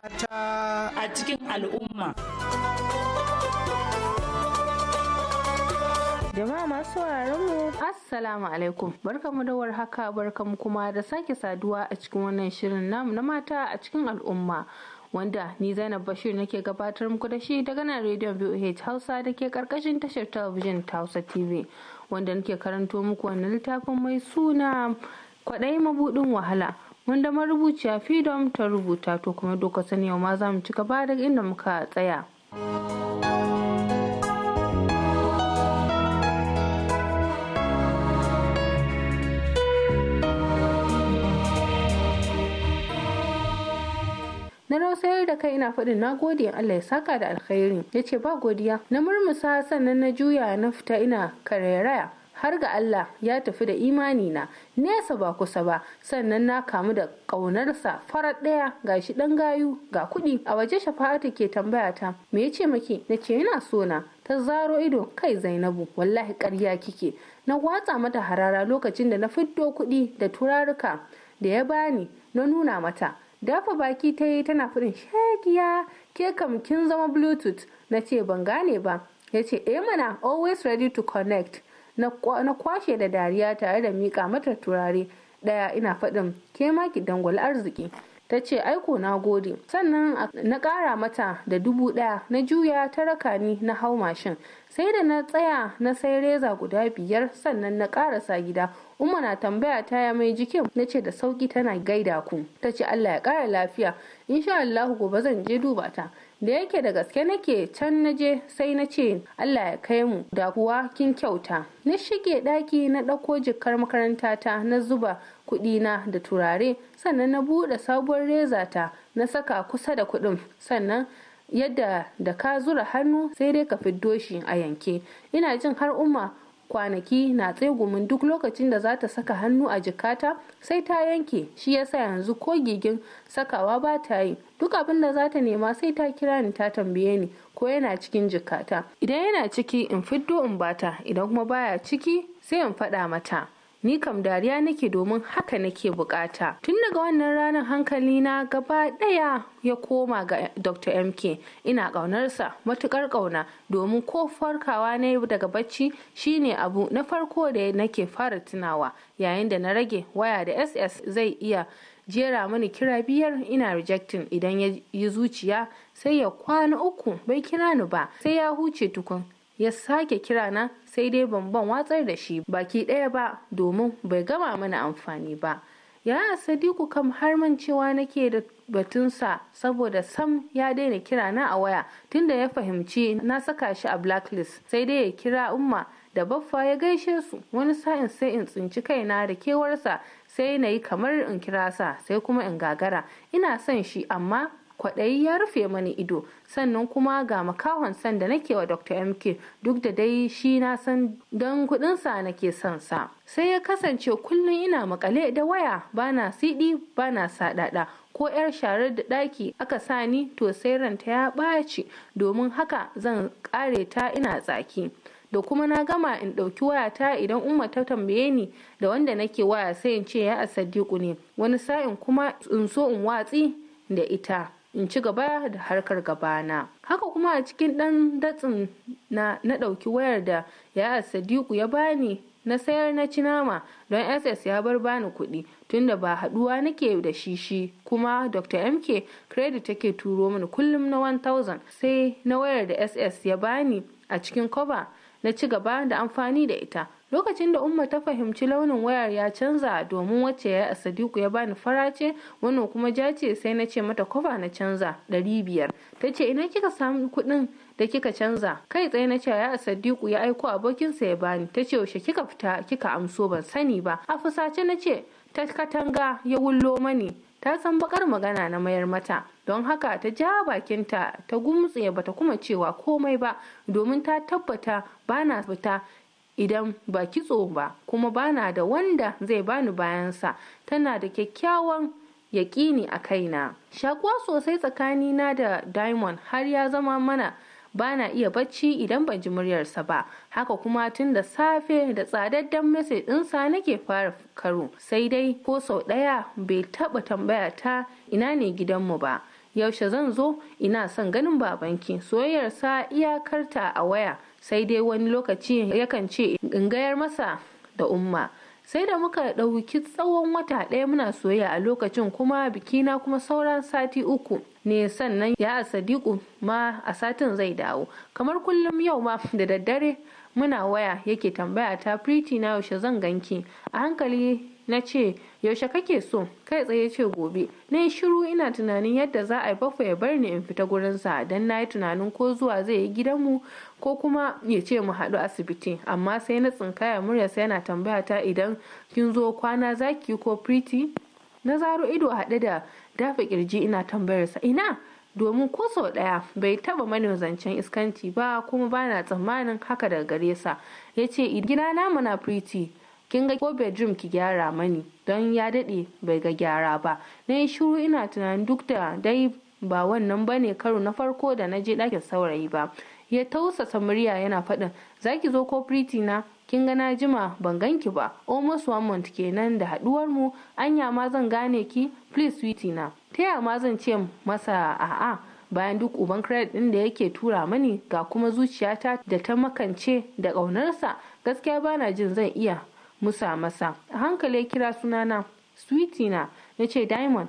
mata a cikin al'umma Jama'a masu mu Assalamu alaikum. Barkamu da warhaka barkamu kuma da sake saduwa a cikin wannan shirin namu na mata a cikin al'umma. Wanda ni Zainab Bashir nake gabatar muku da shi daga nan rediyon boh Hausa da ke karkashin tashar talabijin ta Hausa TV. Wanda nake karanto muku wannan littafin mai suna kwaɗai mabuɗin wahala. Wanda marubuciya Freedom ta rubuta to kuma doka sani yau ma za mu ci gaba daga inda muka tsaya. sayar da kai ina faɗin na gode Allah ya saka da alkhairi ya ce ba godiya na murmusa sannan na juya na fita ina karairaya har ga Allah ya tafi da imani na nesa ba kusa ba sannan na kamu da ƙaunarsa farar ɗaya ga shi ɗan gayu ga kuɗi a waje shafa'atu ke tambaya ta me ya ce maki na ce yana so na ta zaro ido kai zainabu wallahi ƙarya kike na watsa mata harara lokacin da na fiddo kuɗi da turaruka da ya bani na nuna mata dafa baki ta yi tana fudin shagiya ke kam kin zama bluetooth na ce ban gane ba ya ce eh mana always ready to connect na kwashe da dariya tare da mika mata turare daya ina faɗin ke maki dangwal arziki ta ce aiko na gode sannan na ƙara mata da dubu ɗaya na juya ta raka ni na hau mashin sai da na tsaya na sai reza guda biyar sannan na karasa gida umma na tambaya ta ya mai jikin na ce da sauki tana gaida ku ta ce allah ya kara lafiya insha allahu gobe zan je duba ta da yake da gaske nake can na je sai na ce allah ya kai mu da kuwa kin kyauta na shige daki na ɗauko jikar makaranta ta na zuba kudina da turare sannan na buɗe sabuwar reza ta na saka kusa da kuɗin sannan yadda da ka zura hannu sai dai ka fiddo shi a yanke ina jin har umma kwanaki na tsegumin duk lokacin da za ta saka hannu a jikata sai ta yanke shi yasa yanzu ko gigin sakawa ba ta yi duk abin da za ta nema sai ta kira ni ta tambaye ni ko yana cikin jikata idan yana ciki in fiddo in bata idan kuma baya ciki sai in faɗa mata ni kam dariya nake domin haka nake bukata tun daga wannan ranar hankali na gaba daya ya koma ga dr mk ina ƙaunarsa matukar ƙauna domin ko farkawa na daga bacci shine abu na farko da nake fara tunawa yayin da na rage waya da ss zai iya jera mani kira biyar ina rejectin idan ya yi zuciya sai ya kwana uku bai kira ni ba sai ya huce tukun ya sake kira na sai dai ban watsar da shi baki ɗaya ba domin bai gama mana amfani ba ya sadiku kam har man cewa nake da batunsa saboda sam ya daina kirana a waya tunda ya fahimci na saka shi a blacklist sai dai ya kira umma da baffa ya gaishe su wani sa'in sai in tsinci kaina da kewarsa sai na yi kamar in kira sa sai kuma in gagara ina son shi amma kwaɗayi ya rufe mani ido sannan kuma ga makahon san da nake wa dr mk duk da dai shi na san don kuɗinsa nake son sa sai ya kasance kullum ina makale da waya bana siɗi bana saɗaɗa ko 'yar sharar da ɗaki aka sani to sai ranta ya ɓaci domin haka zan ƙare ta ina tsaki da kuma na gama in ɗauki wayata idan umma ta tambaye ni da wanda nake waya sai in ce ya asadiku ne wani sa'in kuma in so in watsi da ita in ci gaba da harkar gabana haka kuma a cikin ɗan datsin na na ɗauki wayar da ya sadiku ya bani na sayar na cinama don ss ya bar bani kuɗi tunda ba haɗuwa nake da shi shi kuma dr mk credit take turo mini kullum na 1000 sai na wayar da ss ya bani a cikin kwaba na ci gaba da amfani da ita lokacin da umma ta fahimci launin wayar ya canza domin wacce ya sadiku ya bani farace ce kuma jace sai na ce mata kwafa na canza ɗari biyar ta ce ina kika samu kuɗin da kika canza kai tsaye na ce ya sadiku ya aiko abokinsa ya bani ta ce yaushe kika fita kika amso ban sani ba a fusace na ce ta katanga ya wullo mani ta san bakar magana na mayar mata don haka ta ja bakinta ta gumtse bata kuma cewa komai ba domin ta tabbata bana fita idan ba kitso ba kuma bana da wanda zai bani bayansa tana da kyakkyawan yaƙini a kaina shakuwa sosai tsakanina da diamond har ya zama mana bana iya bacci idan ban ji muryarsa ba haka kuma tun da safe da tsadaddan message ɗinsa nake fara karo sai dai ko sau ɗaya bai taɓa tambaya ta ina ne gidanmu ba yaushe zan zo ina son ganin babanki soyayyarsa iyakarta a waya sai dai wani lokaci yakan ce in gayar masa da umma sai da muka ɗauki tsawon wata ɗaya muna soyayya a lokacin kuma bikina kuma sauran sati uku ne sannan ya sadiku ma a satin zai dawo kamar kullum yau ma da daddare muna waya yake tambaya ta priti na yaushe zan ganki a hankali na ce yaushe kake so kai tsaye ce gobe na yi shiru ina tunanin yadda za a yi bafa ya bar ni in fita gurinsa don na yi tunanin ko zuwa zai yi gidanmu ko kuma ya ce mu haɗu asibiti amma sai na tsinkaya murya sai yana tambaya ta idan kin zo kwana zaki ko priti na zaro ido haɗe da dafa kirji ina tambayarsa ina domin ko sau ɗaya bai taɓa mani zancen iskanci ba kuma bana tsammanin haka daga gare sa ya ce gida na mana priti kin ga ko bedroom ki gyara mani don ya daɗe bai ga gyara ba na yi shiru ina tunanin duk da dai ba wannan bane karo na farko da na je ɗakin saurayi ba ya tausasa murya yana faɗin za ki zo ko na kin ga na jima ban ganki ba almost one month kenan da haduwar mu anya ma zan gane ki please sweetie na ta ma zan ce masa a'a bayan duk uban credit ɗin da yake tura mani ga kuma zuciyata da ta makance da ƙaunarsa gaskiya bana jin zan iya musa masa a hankali kira sunana sweetie na na ce diamond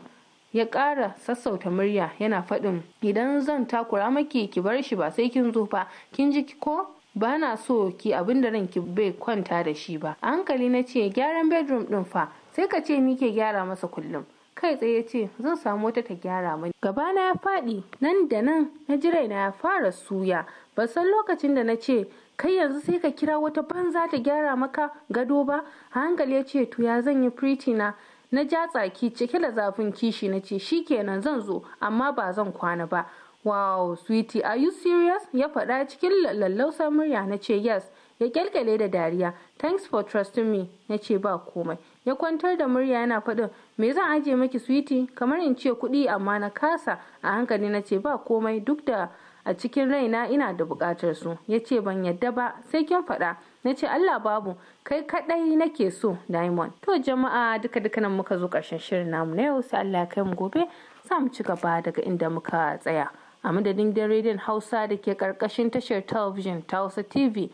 ya ƙara sassauta murya yana faɗin idan zan takura maki ki bar shi ba sai kin zo fa kin ji ko ba na so ki abin da ranki bai kwanta da shi ba a hankali na ce gyaran bedroom ɗin fa sai ka ce ni ke gyara masa kullum kai tsaye ce zan samu wata ta gyara mani gabana ya faɗi nan da nan na ji raina ya fara suya ba san lokacin da na ce kai yanzu sai ka kira wata banza ta gyara maka gado ba a hankali ya ce to ya zan yi na na ja tsaki cike da zafin kishi na ce kenan zan zo amma ba zan kwana ba wow sweetie are you serious ya faɗa cikin lallausar murya na ce yes ya kyalkyale da dariya thanks for trusting me na ce ba komai ya kwantar da murya yana faɗin me zan aje maki sweetie kamar in ce kuɗi amma na kasa a hankali na ce ba komai duk da a cikin raina ina da buƙatar su ya ce ban yadda ba sai kin faɗa na ce allah babu kai kadai nake so diamond to jama'a duka duka nan muka zo karshen shirin namu na yau sai Allah ya kai mu gobe za mu ci gaba daga inda muka tsaya a madadin da rediyon hausa da ke karkashin tashar talabijin ta hausa tv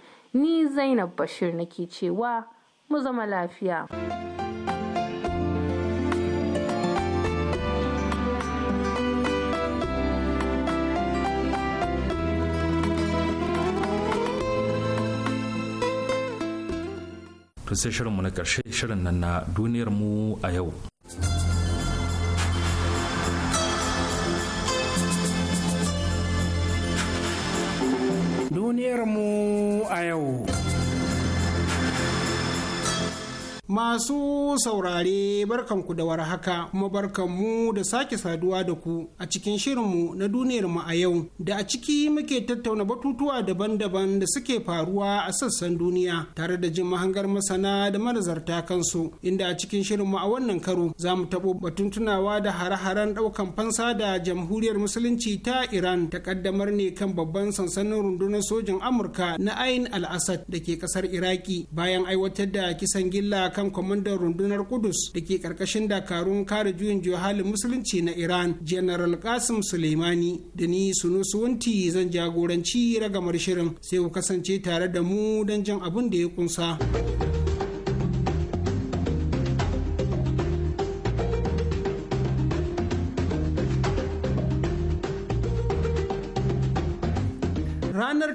ni zainab bashir nake cewa mu zama lafiya.
kafin sai shirinmu na ƙarshe shirin nan na duniyar mu a yau.
Duniyar mu
a yau. Masu saurare barkanku da warhaka kuma barkanmu da sake saduwa da ku a cikin shirinmu na duniyar mu a yau da a ciki muke tattauna batutuwa daban-daban da suke faruwa a sassan duniya tare da jin mahangar masana da manazarta kansu inda a cikin shirinmu a wannan karo za mu taɓo batun tunawa da hare-haren ɗaukan fansa da jamhuriyar musulunci ta Iran ta ƙaddamar ne kan babban sansanin rundunar sojin Amurka na Ain al-Assad da ke ƙasar Iraki bayan aiwatar da kisan gilla kan kwamandan rundunar kudus da ke karkashin dakarun kare juyin juhalin musulunci na iran general kasim suleimani da ni sunu suwanti zan jagoranci ragamar shirin sai ku kasance tare da mu don jin abin da ya kunsa.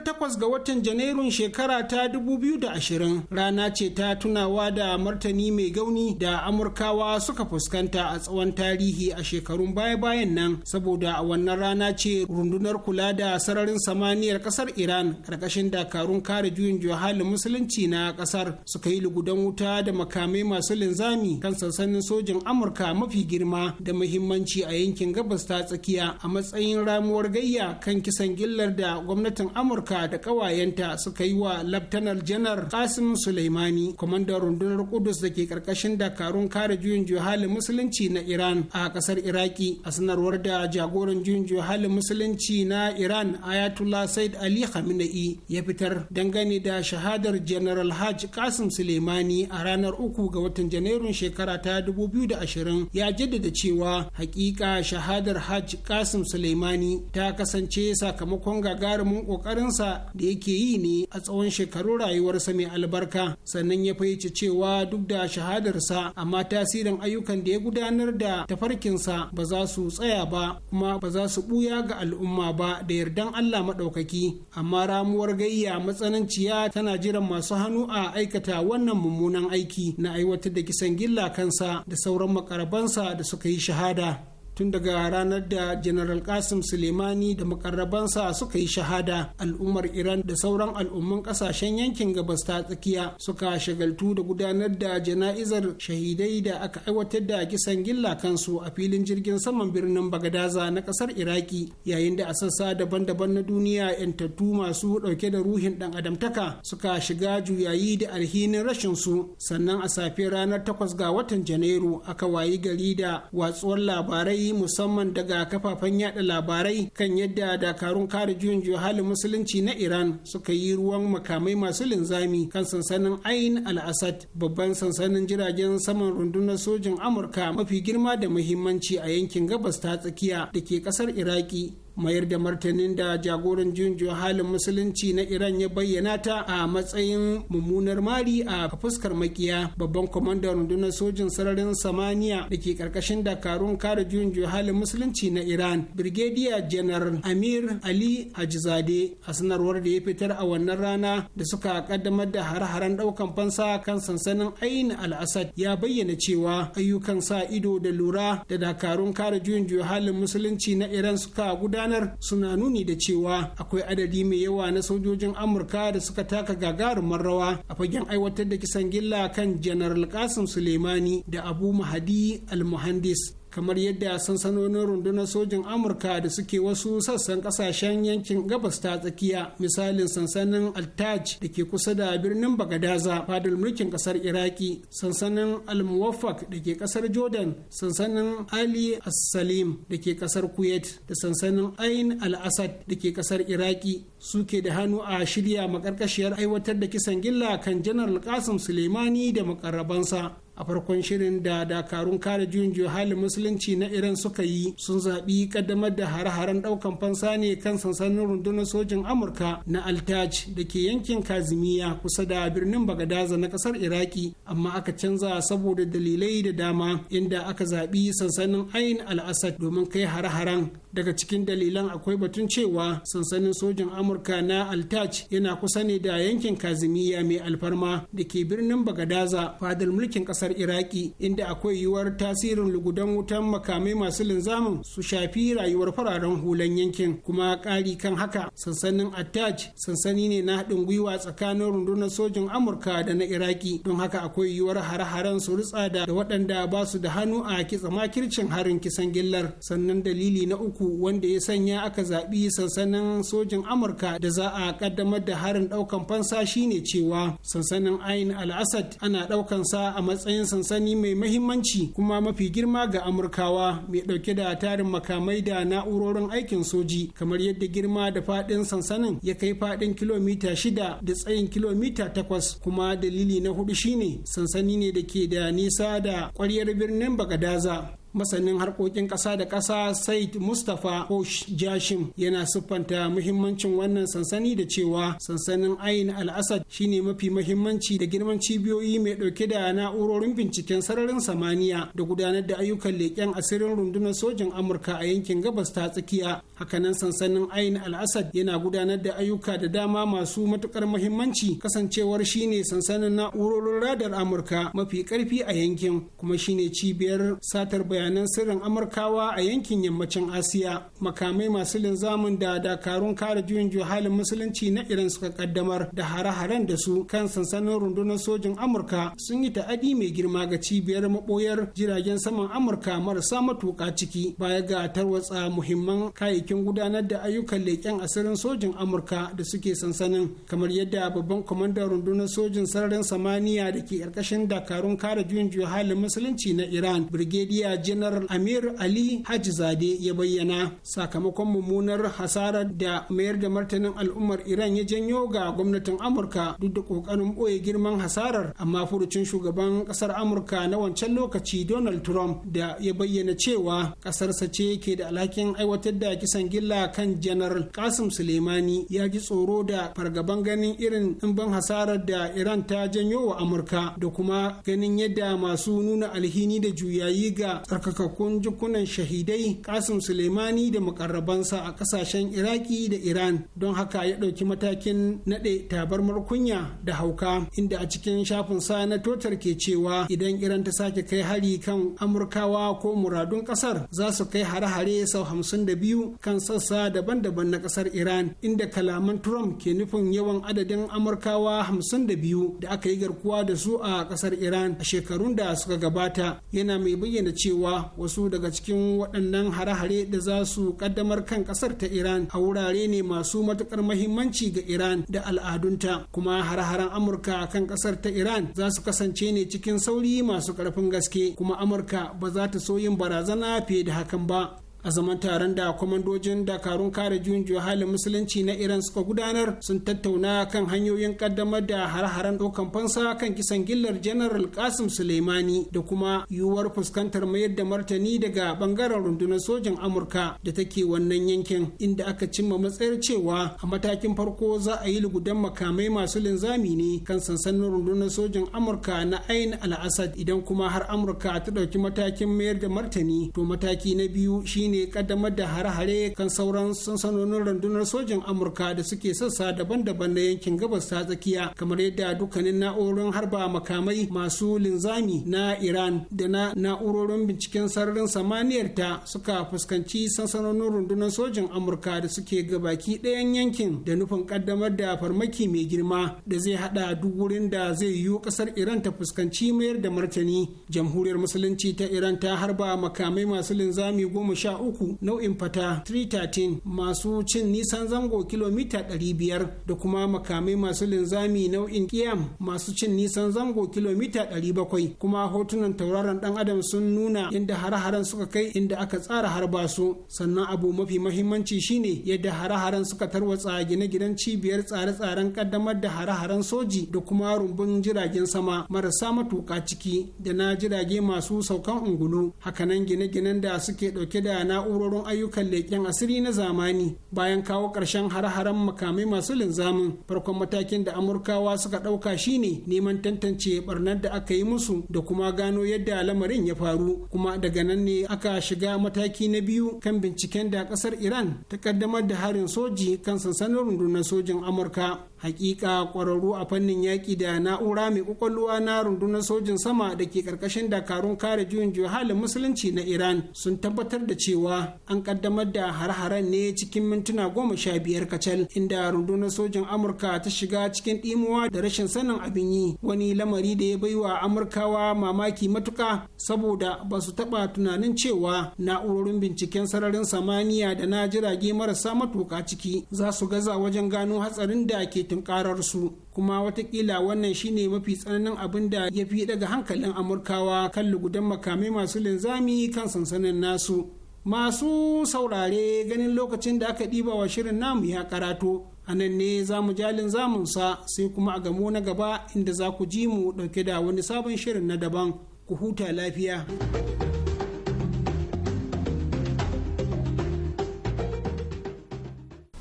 takwas ga watan Janairun shekara ta dubu biyu da ashirin rana ce ta tunawa da martani mai gauni da Amurkawa suka fuskanta a tsawon tarihi a shekarun baya-bayan nan saboda a wannan rana ce rundunar kula da sararin samaniyar kasar Iran karkashin dakarun kare juyin juhalin musulunci na kasar suka yi lugudan wuta da makamai masu linzami kan sansanin sojin Amurka mafi girma da muhimmanci a yankin gabas ta tsakiya a matsayin ramuwar gayya kan kisan gillar da gwamnatin Amurka da ƙawayenta suka yi wa laftanar janar kasim suleimani kwamandan rundunar kudus da ke karkashin dakarun kare juyin juhalin musulunci na iran a ƙasar iraki a sanarwar da jagoran juyin juhalin musulunci na iran ayatollah said ali khamenei ya fitar dangane da shahadar general hajj kasim suleimani a ranar uku ga watan janairun shekara ta 2020 ya jaddada cewa hakika shahadar hajj kasim suleimani ta kasance sakamakon gagarumin kokarinsa da yake yi ne a tsawon shekaru rayuwarsa mai albarka sannan ya fahimci cewa duk da shahadarsa amma tasirin ayyukan da ya gudanar da tafarkinsa ba za su tsaya ba kuma ba za su buya ga al'umma ba da yardan Allah maɗaukaki amma ramuwar gayya matsananciya tana jiran masu hannu a aikata wannan mummunan aiki na aiwatar da kisan gilla kansa da sauran makarabansa da suka yi shahada. tun daga ranar da general kasim suleimani da makarrabansa suka yi shahada al'ummar iran da sauran al'umman kasashen yankin gabas ta tsakiya suka shagaltu da gudanar da jana'izar shahidai da aka aiwatar da kisan gilla kansu a filin jirgin saman birnin bagadaza na kasar iraki yayin da a sassa daban-daban na duniya yantattu masu dauke da ruhin dan adamtaka suka shiga juyayi da alhinin rashin su sannan a safe ranar 8 ga watan janairu aka wayi gari da watsuwar labarai rahotanni musamman daga kafafen yada labarai kan yadda dakarun kare juyin halin musulunci na iran suka yi ruwan makamai masu linzami kan sansanin ain al-assad babban sansanin jiragen saman rundunar sojin amurka mafi girma da muhimmanci a yankin gabas ta tsakiya da ke kasar iraki mayar da martanin da jagoran junjo halin musulunci na iran ya bayyana ta a matsayin mummunar mari a fuskar makiya babban kwamandan rundunar sojin sararin samaniya da ke karkashin dakarun kare junjo halin musulunci na iran birgediya janar amir ali hajizade a sanarwar da ya fitar a wannan rana da suka kaddamar da hare-haren daukan fansa kan sansanin ayin al ya bayyana cewa ayyukan sa ido da lura da dakarun kare juyin halin musulunci na iran suka gudana. ranar suna nuni da cewa akwai adadi mai yawa na sojojin amurka da suka taka gagarumar rawa a fagen aiwatar da kisan gilla kan janaral kasim suleimani da abu mahadi muhandis. kamar yadda sansanonin rundunar sojin amurka da suke wasu sassan kasashen yankin gabas ta tsakiya misalin sansanin altaj da ke kusa da birnin bagadaza fadar mulkin kasar iraki sansanin almuwafak da ke kasar jordan sansanin ali as-salim da ke kasar kuwait da sansanin ain al-asad da ke kasar iraki suke da hannu a shirya makarkashiyar aiwatar da kisan gilla kan janar kasim suleimani da makarrabansa a farkon shirin da dakarun kare juyin hali musulunci na iran suka yi sun zaɓi kaddamar da hare-haren ɗaukan fansa ne kan sansanin rundunar sojin amurka na altaj da ke yankin kazimiya kusa da birnin bagadaza na ƙasar iraki amma aka canza saboda dalilai da dama inda aka zaɓi sansanin ain al-assad domin kai hare-haren daga cikin dalilan akwai batun cewa sansanin sojin amurka na altaj yana kusa ne da yankin kazimiya mai alfarma da ke birnin bagadaza fadar mulkin kasar iraki inda akwai yiwuwar tasirin lugudan wutan makamai masu linzamin su shafi rayuwar fararen hulan yankin kuma kari kan haka sansanin altaj sansani ne na haɗin gwiwa tsakanin rundunar sojin amurka da na iraki don haka akwai yiwuwar hare-haren su rutsa da waɗanda ba su da hannu a kitsa makircin harin kisan gillar sannan dalili na uku wanda ya sanya aka zaɓi sansanin sojin amurka da za a kaddamar da harin ɗaukan fansa shine cewa sansanin ayin al-assad ana ɗaukan sa a matsayin sansani mai mahimmanci kuma mafi girma ga amurkawa mai ɗauke da tarin makamai da na'urorin aikin soji kamar yadda girma da faɗin sansanin ya kai faɗin kilomita shida da tsayin kilomita takwas kuma dalili na hudu shine sansani ne da ke da nisa da ƙwaryar birnin bagadaza masanin harkokin kasa da kasa said mustapha hosh jashim yana siffanta muhimmancin wannan sansani da cewa sansanin ayin al-asad shine mafi muhimmanci da girman cibiyoyi mai dauke da na'urorin binciken sararin samaniya da gudanar da ayyukan leƙen asirin rundunar sojin amurka a yankin gabas ta tsakiya hakanan sansanin ayin al-asad yana gudanar da ayyuka da dama masu matukar muhimmanci kasancewar shine sansanin na'urorin radar amurka mafi ƙarfi a yankin kuma shine cibiyar satar bayan bayanan sirrin amurkawa a yankin yammacin asiya makamai masu linzamin da dakarun kare juyin juhalin musulunci na iran suka kaddamar da hare-haren da su kan sansanin rundunar sojin amurka sun yi ta'adi mai girma ga cibiyar maboyar jiragen saman amurka marasa matuƙa ciki baya ga tarwatsa muhimman kayayyakin gudanar da ayyukan leƙen asirin sojin amurka da suke sansanin kamar yadda babban kwamandan rundunar sojin sararin samaniya da ke ƙarƙashin dakarun kare juyin juhalin musulunci na iran brigadier janar amir ali zade ya bayyana sakamakon mummunar hasarar da mayar da martanin al'ummar iran ya janyo ga gwamnatin amurka duk da kokarin boye girman hasarar amma furucin shugaban kasar amurka na wancan lokaci donald trump da ya bayyana cewa kasarsa ce ke da alhakin aiwatar da kisan gilla kan janar kasim suleimani ya ji tsoro da fargaban ganin irin ɗimbin hasarar da iran ta janyo wa amurka da kuma ganin yadda masu nuna alhini da juyayi ga tsarkakakkun jikunan shahidai kasim suleimani da makarrabansa a kasashen iraki da iran don haka ya ɗauki matakin naɗe tabarmar kunya da hauka inda a cikin shafin sa na totar ke cewa idan iran ta sake kai hari kan amurkawa ko muradun kasar za su kai hare-hare sau hamsin da biyu kan sassa daban-daban na kasar iran inda kalaman trump ke nufin yawan adadin amurkawa hamsin da biyu da aka yi garkuwa da su a kasar iran a shekarun da suka gabata yana mai bayyana cewa cewa wasu daga cikin waɗannan hare-hare da za su kaddamar kan ƙasar ta iran a wurare ne masu matuƙar mahimmanci ga iran da al'adunta kuma hare-haren amurka kan ƙasar ta iran za su kasance ne cikin sauri masu ƙarfin gaske kuma amurka ba za ta so yin barazana fiye da hakan ba a zaman taron da kwamandojin dakarun kare juyin halin musulunci na iran suka gudanar sun tattauna kan hanyoyin kaddamar da har-haren ɗaukan fansa kan kisan gillar general kasim suleimani da kuma yiwuwar fuskantar mayar da martani daga bangaren rundunar sojin amurka da take wannan yankin inda aka cimma matsayar cewa a matakin farko za a yi lugudan makamai masu linzami ne kan sansanin rundunar sojin amurka na ain al-assad idan kuma har amurka ta ɗauki matakin mayar da martani to mataki na biyu shine ne kaddamar da hare-hare kan sauran sansanonin rundunar sojin amurka da suke sassa daban-daban na yankin gabas ta tsakiya kamar yadda dukkanin na'urorin harba makamai masu linzami na iran da na na'urorin binciken sararin samaniyar ta suka fuskanci sansanonin rundunar sojin amurka da suke ga baki ɗayan yankin da nufin kaddamar da farmaki mai girma da zai hada duk wurin da zai yiwu kasar iran ta fuskanci mayar da martani jamhuriyar musulunci ta iran ta harba makamai masu linzami goma sha uku nau'in fata 313 masu cin nisan zango kilomita 500 da kuma makamai masu linzami nau'in kiyam masu cin nisan zango kilomita 700 kuma hotunan tauraron dan adam sun nuna inda hare-haren suka kai inda aka tsara harba su sannan abu mafi mahimmanci shine yadda hare-haren suka tarwatsa gine-ginen cibiyar tsare-tsaren kaddamar da hare-haren soji da kuma rumbun jiragen sama marasa matuka ciki da na jirage masu saukan ungulu hakanan gine-ginen da suke dauke da na'urorin ayyukan leƙen asiri na zamani bayan kawo ƙarshen har-haren makamai masu linzamin farkon matakin da amurkawa suka ɗauka shine neman tantance ɓarnar da aka yi musu da kuma gano yadda lamarin ya faru kuma daga nan ne aka shiga mataki na biyu kan binciken da ƙasar iran ta ƙaddamar da harin soji kan sansanin rundunar sojin amurka hakika kwararru a fannin yaƙi da na'ura mai ƙwaƙwalwa na rundunar sojin sama da ke ƙarƙashin dakarun kare juyin juya halin musulunci na iran sun tabbatar da cewa an ƙaddamar da har-haren ne cikin mintuna goma sha biyar kacal inda rundunar sojin amurka ta shiga cikin ɗimuwa da rashin sanin abin yi wani lamari da ya baiwa amurkawa mamaki matuka saboda ba su taɓa tunanin cewa na'urorin binciken sararin samaniya da na jirage marasa matuƙa ciki za su gaza wajen gano hatsarin da ke tunkarar su kuma watakila wannan shine mafi tsananin abin da ya fi daga hankalin amurkawa kan lugudan makamai masu linzami kan sansanin nasu masu saurare ganin lokacin da aka ɗiba wa shirin namu ya karato a nan ne za mu jalin zamunsa sai kuma a gamo na gaba inda za ku ji mu ɗauke da wani sabon shirin na daban ku huta lafiya.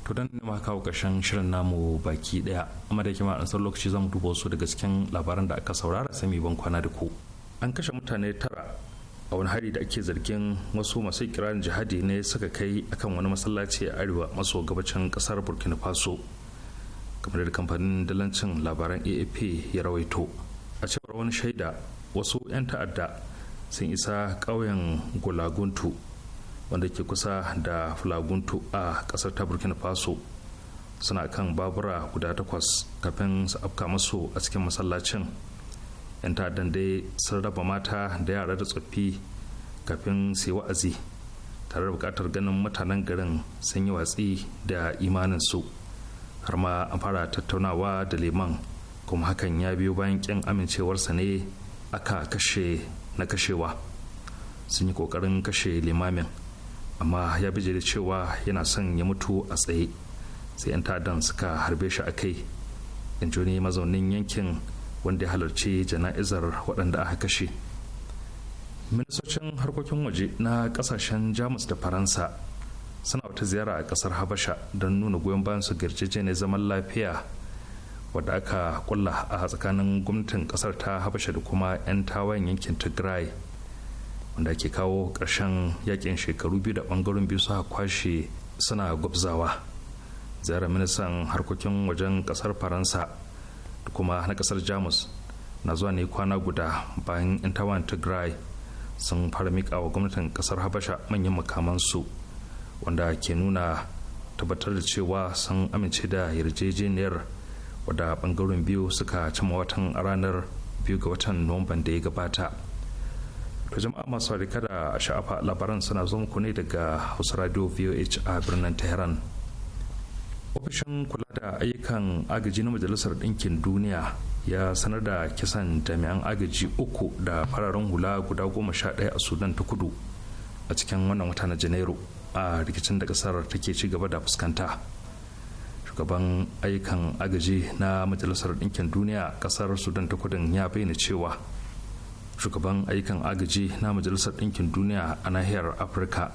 to dan ma kawo ƙarshen shirin namu baki daya amma da kima an san lokaci zamu duba wasu daga cikin labaran da aka saurara sami ban kwana da ku an kashe mutane tara a wani hari da ake zargin wasu masu kiran jihadi ne suka kai akan wani masallaci a arewa maso gabacin kasar burkina faso kamar da kamfanin dalancin labaran aap ya rawaito a cewar wani shaida wasu 'yan ta'adda sun isa ƙauyen gulaguntu wanda ke kusa da flagunto a kasar ta burkina faso suna kan babura guda takwas kafin su afka masu a cikin masallacin 'yan ta'addan dai sun raba mata da yara da tsoffi kafin su yi wa'azi tare da bukatar ganin mutanen garin sun yi watsi da imanin su har ma an fara tattaunawa da liman kuma hakan ya biyo bayan ƙin amincewarsa ne aka kashe na kashewa sun yi kokarin kashe limamin amma ya bije da cewa yana son ya mutu a tsaye sai 'yan ta'addan suka harbe shi a kai in ji mazaunin yankin wanda ya halarci jana'izar waɗanda aka kashe ministocin harkokin waje na ƙasashen jamus da faransa suna wata ziyara a ƙasar habasha don nuna goyon bayan su girgije zaman lafiya wadda aka kulla a tsakanin gwamnatin ƙasar ta habasha da kuma 'yan tawayen yankin tigray wanda ke kawo ƙarshen yakin shekaru biyu da ɓangaren biyu suka kwashe suna gwabzawa zara ministan harkokin wajen ƙasar faransa da kuma na ƙasar jamus na zuwa ne kwana guda bayan intawan tigray sun fara miƙa wa gwamnatin ƙasar habasha manyan makamansu wanda ke nuna tabbatar da cewa sun amince da yarjejeniyar wadda ɓangaren biyu suka cimma watan ranar biyu ga watan nuwamban da ya gabata To jama'a masu kada da sha'afa labaran suna zo muku ne daga Hausa Radio VOH a birnin Tehran. Ofishin kula da ayyukan agaji na Majalisar Ɗinkin Duniya ya sanar da kisan jami'an agaji uku da fararen hula guda goma sha ɗaya a Sudan ta kudu a cikin wannan wata na Janairu a rikicin da ƙasar take ci gaba da fuskanta. Shugaban ayyukan agaji na Majalisar Ɗinkin Duniya ƙasar Sudan ta kudin ya bayyana cewa shugaban ayyukan agaji na majalisar ɗinkin duniya a nahiyar afirka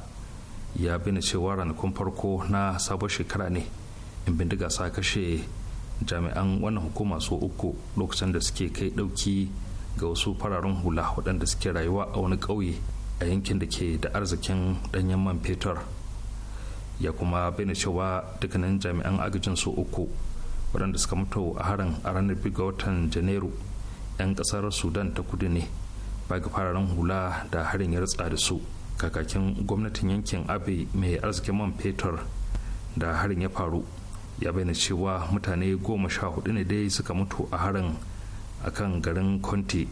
ya bayyana cewa ranakun farko na sabon shekara ne in bindiga sa kashe jami'an wannan hukuma su uku lokacin da suke kai ɗauki ga wasu fararen hula waɗanda suke rayuwa a wani ƙauye a yankin da ke da arzikin ɗanyen man fetur ya kuma bayyana cewa dukkanin jami'an agajin su uku waɗanda suka mutu a harin a ranar biyu ga watan janairu 'yan ƙasar sudan ta kudu ne baga fararen hula da harin ya ratsa da su kakakin gwamnatin yankin abe mai arzikin man fetur da harin ya faru ya bayyana cewa mutane goma sha hudu ne dai suka mutu a harin a kan garin conte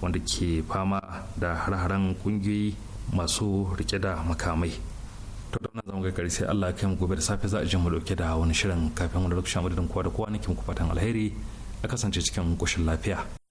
wanda ke fama da har-haren kungiyoyi masu rike da makamai to da wannan zama gari sai Allah kai mu gobe da safe za a ji mu dauke da wani shirin kafin wani lokacin amadadin kowa da kowa nake muku fatan alheri a kasance cikin koshin lafiya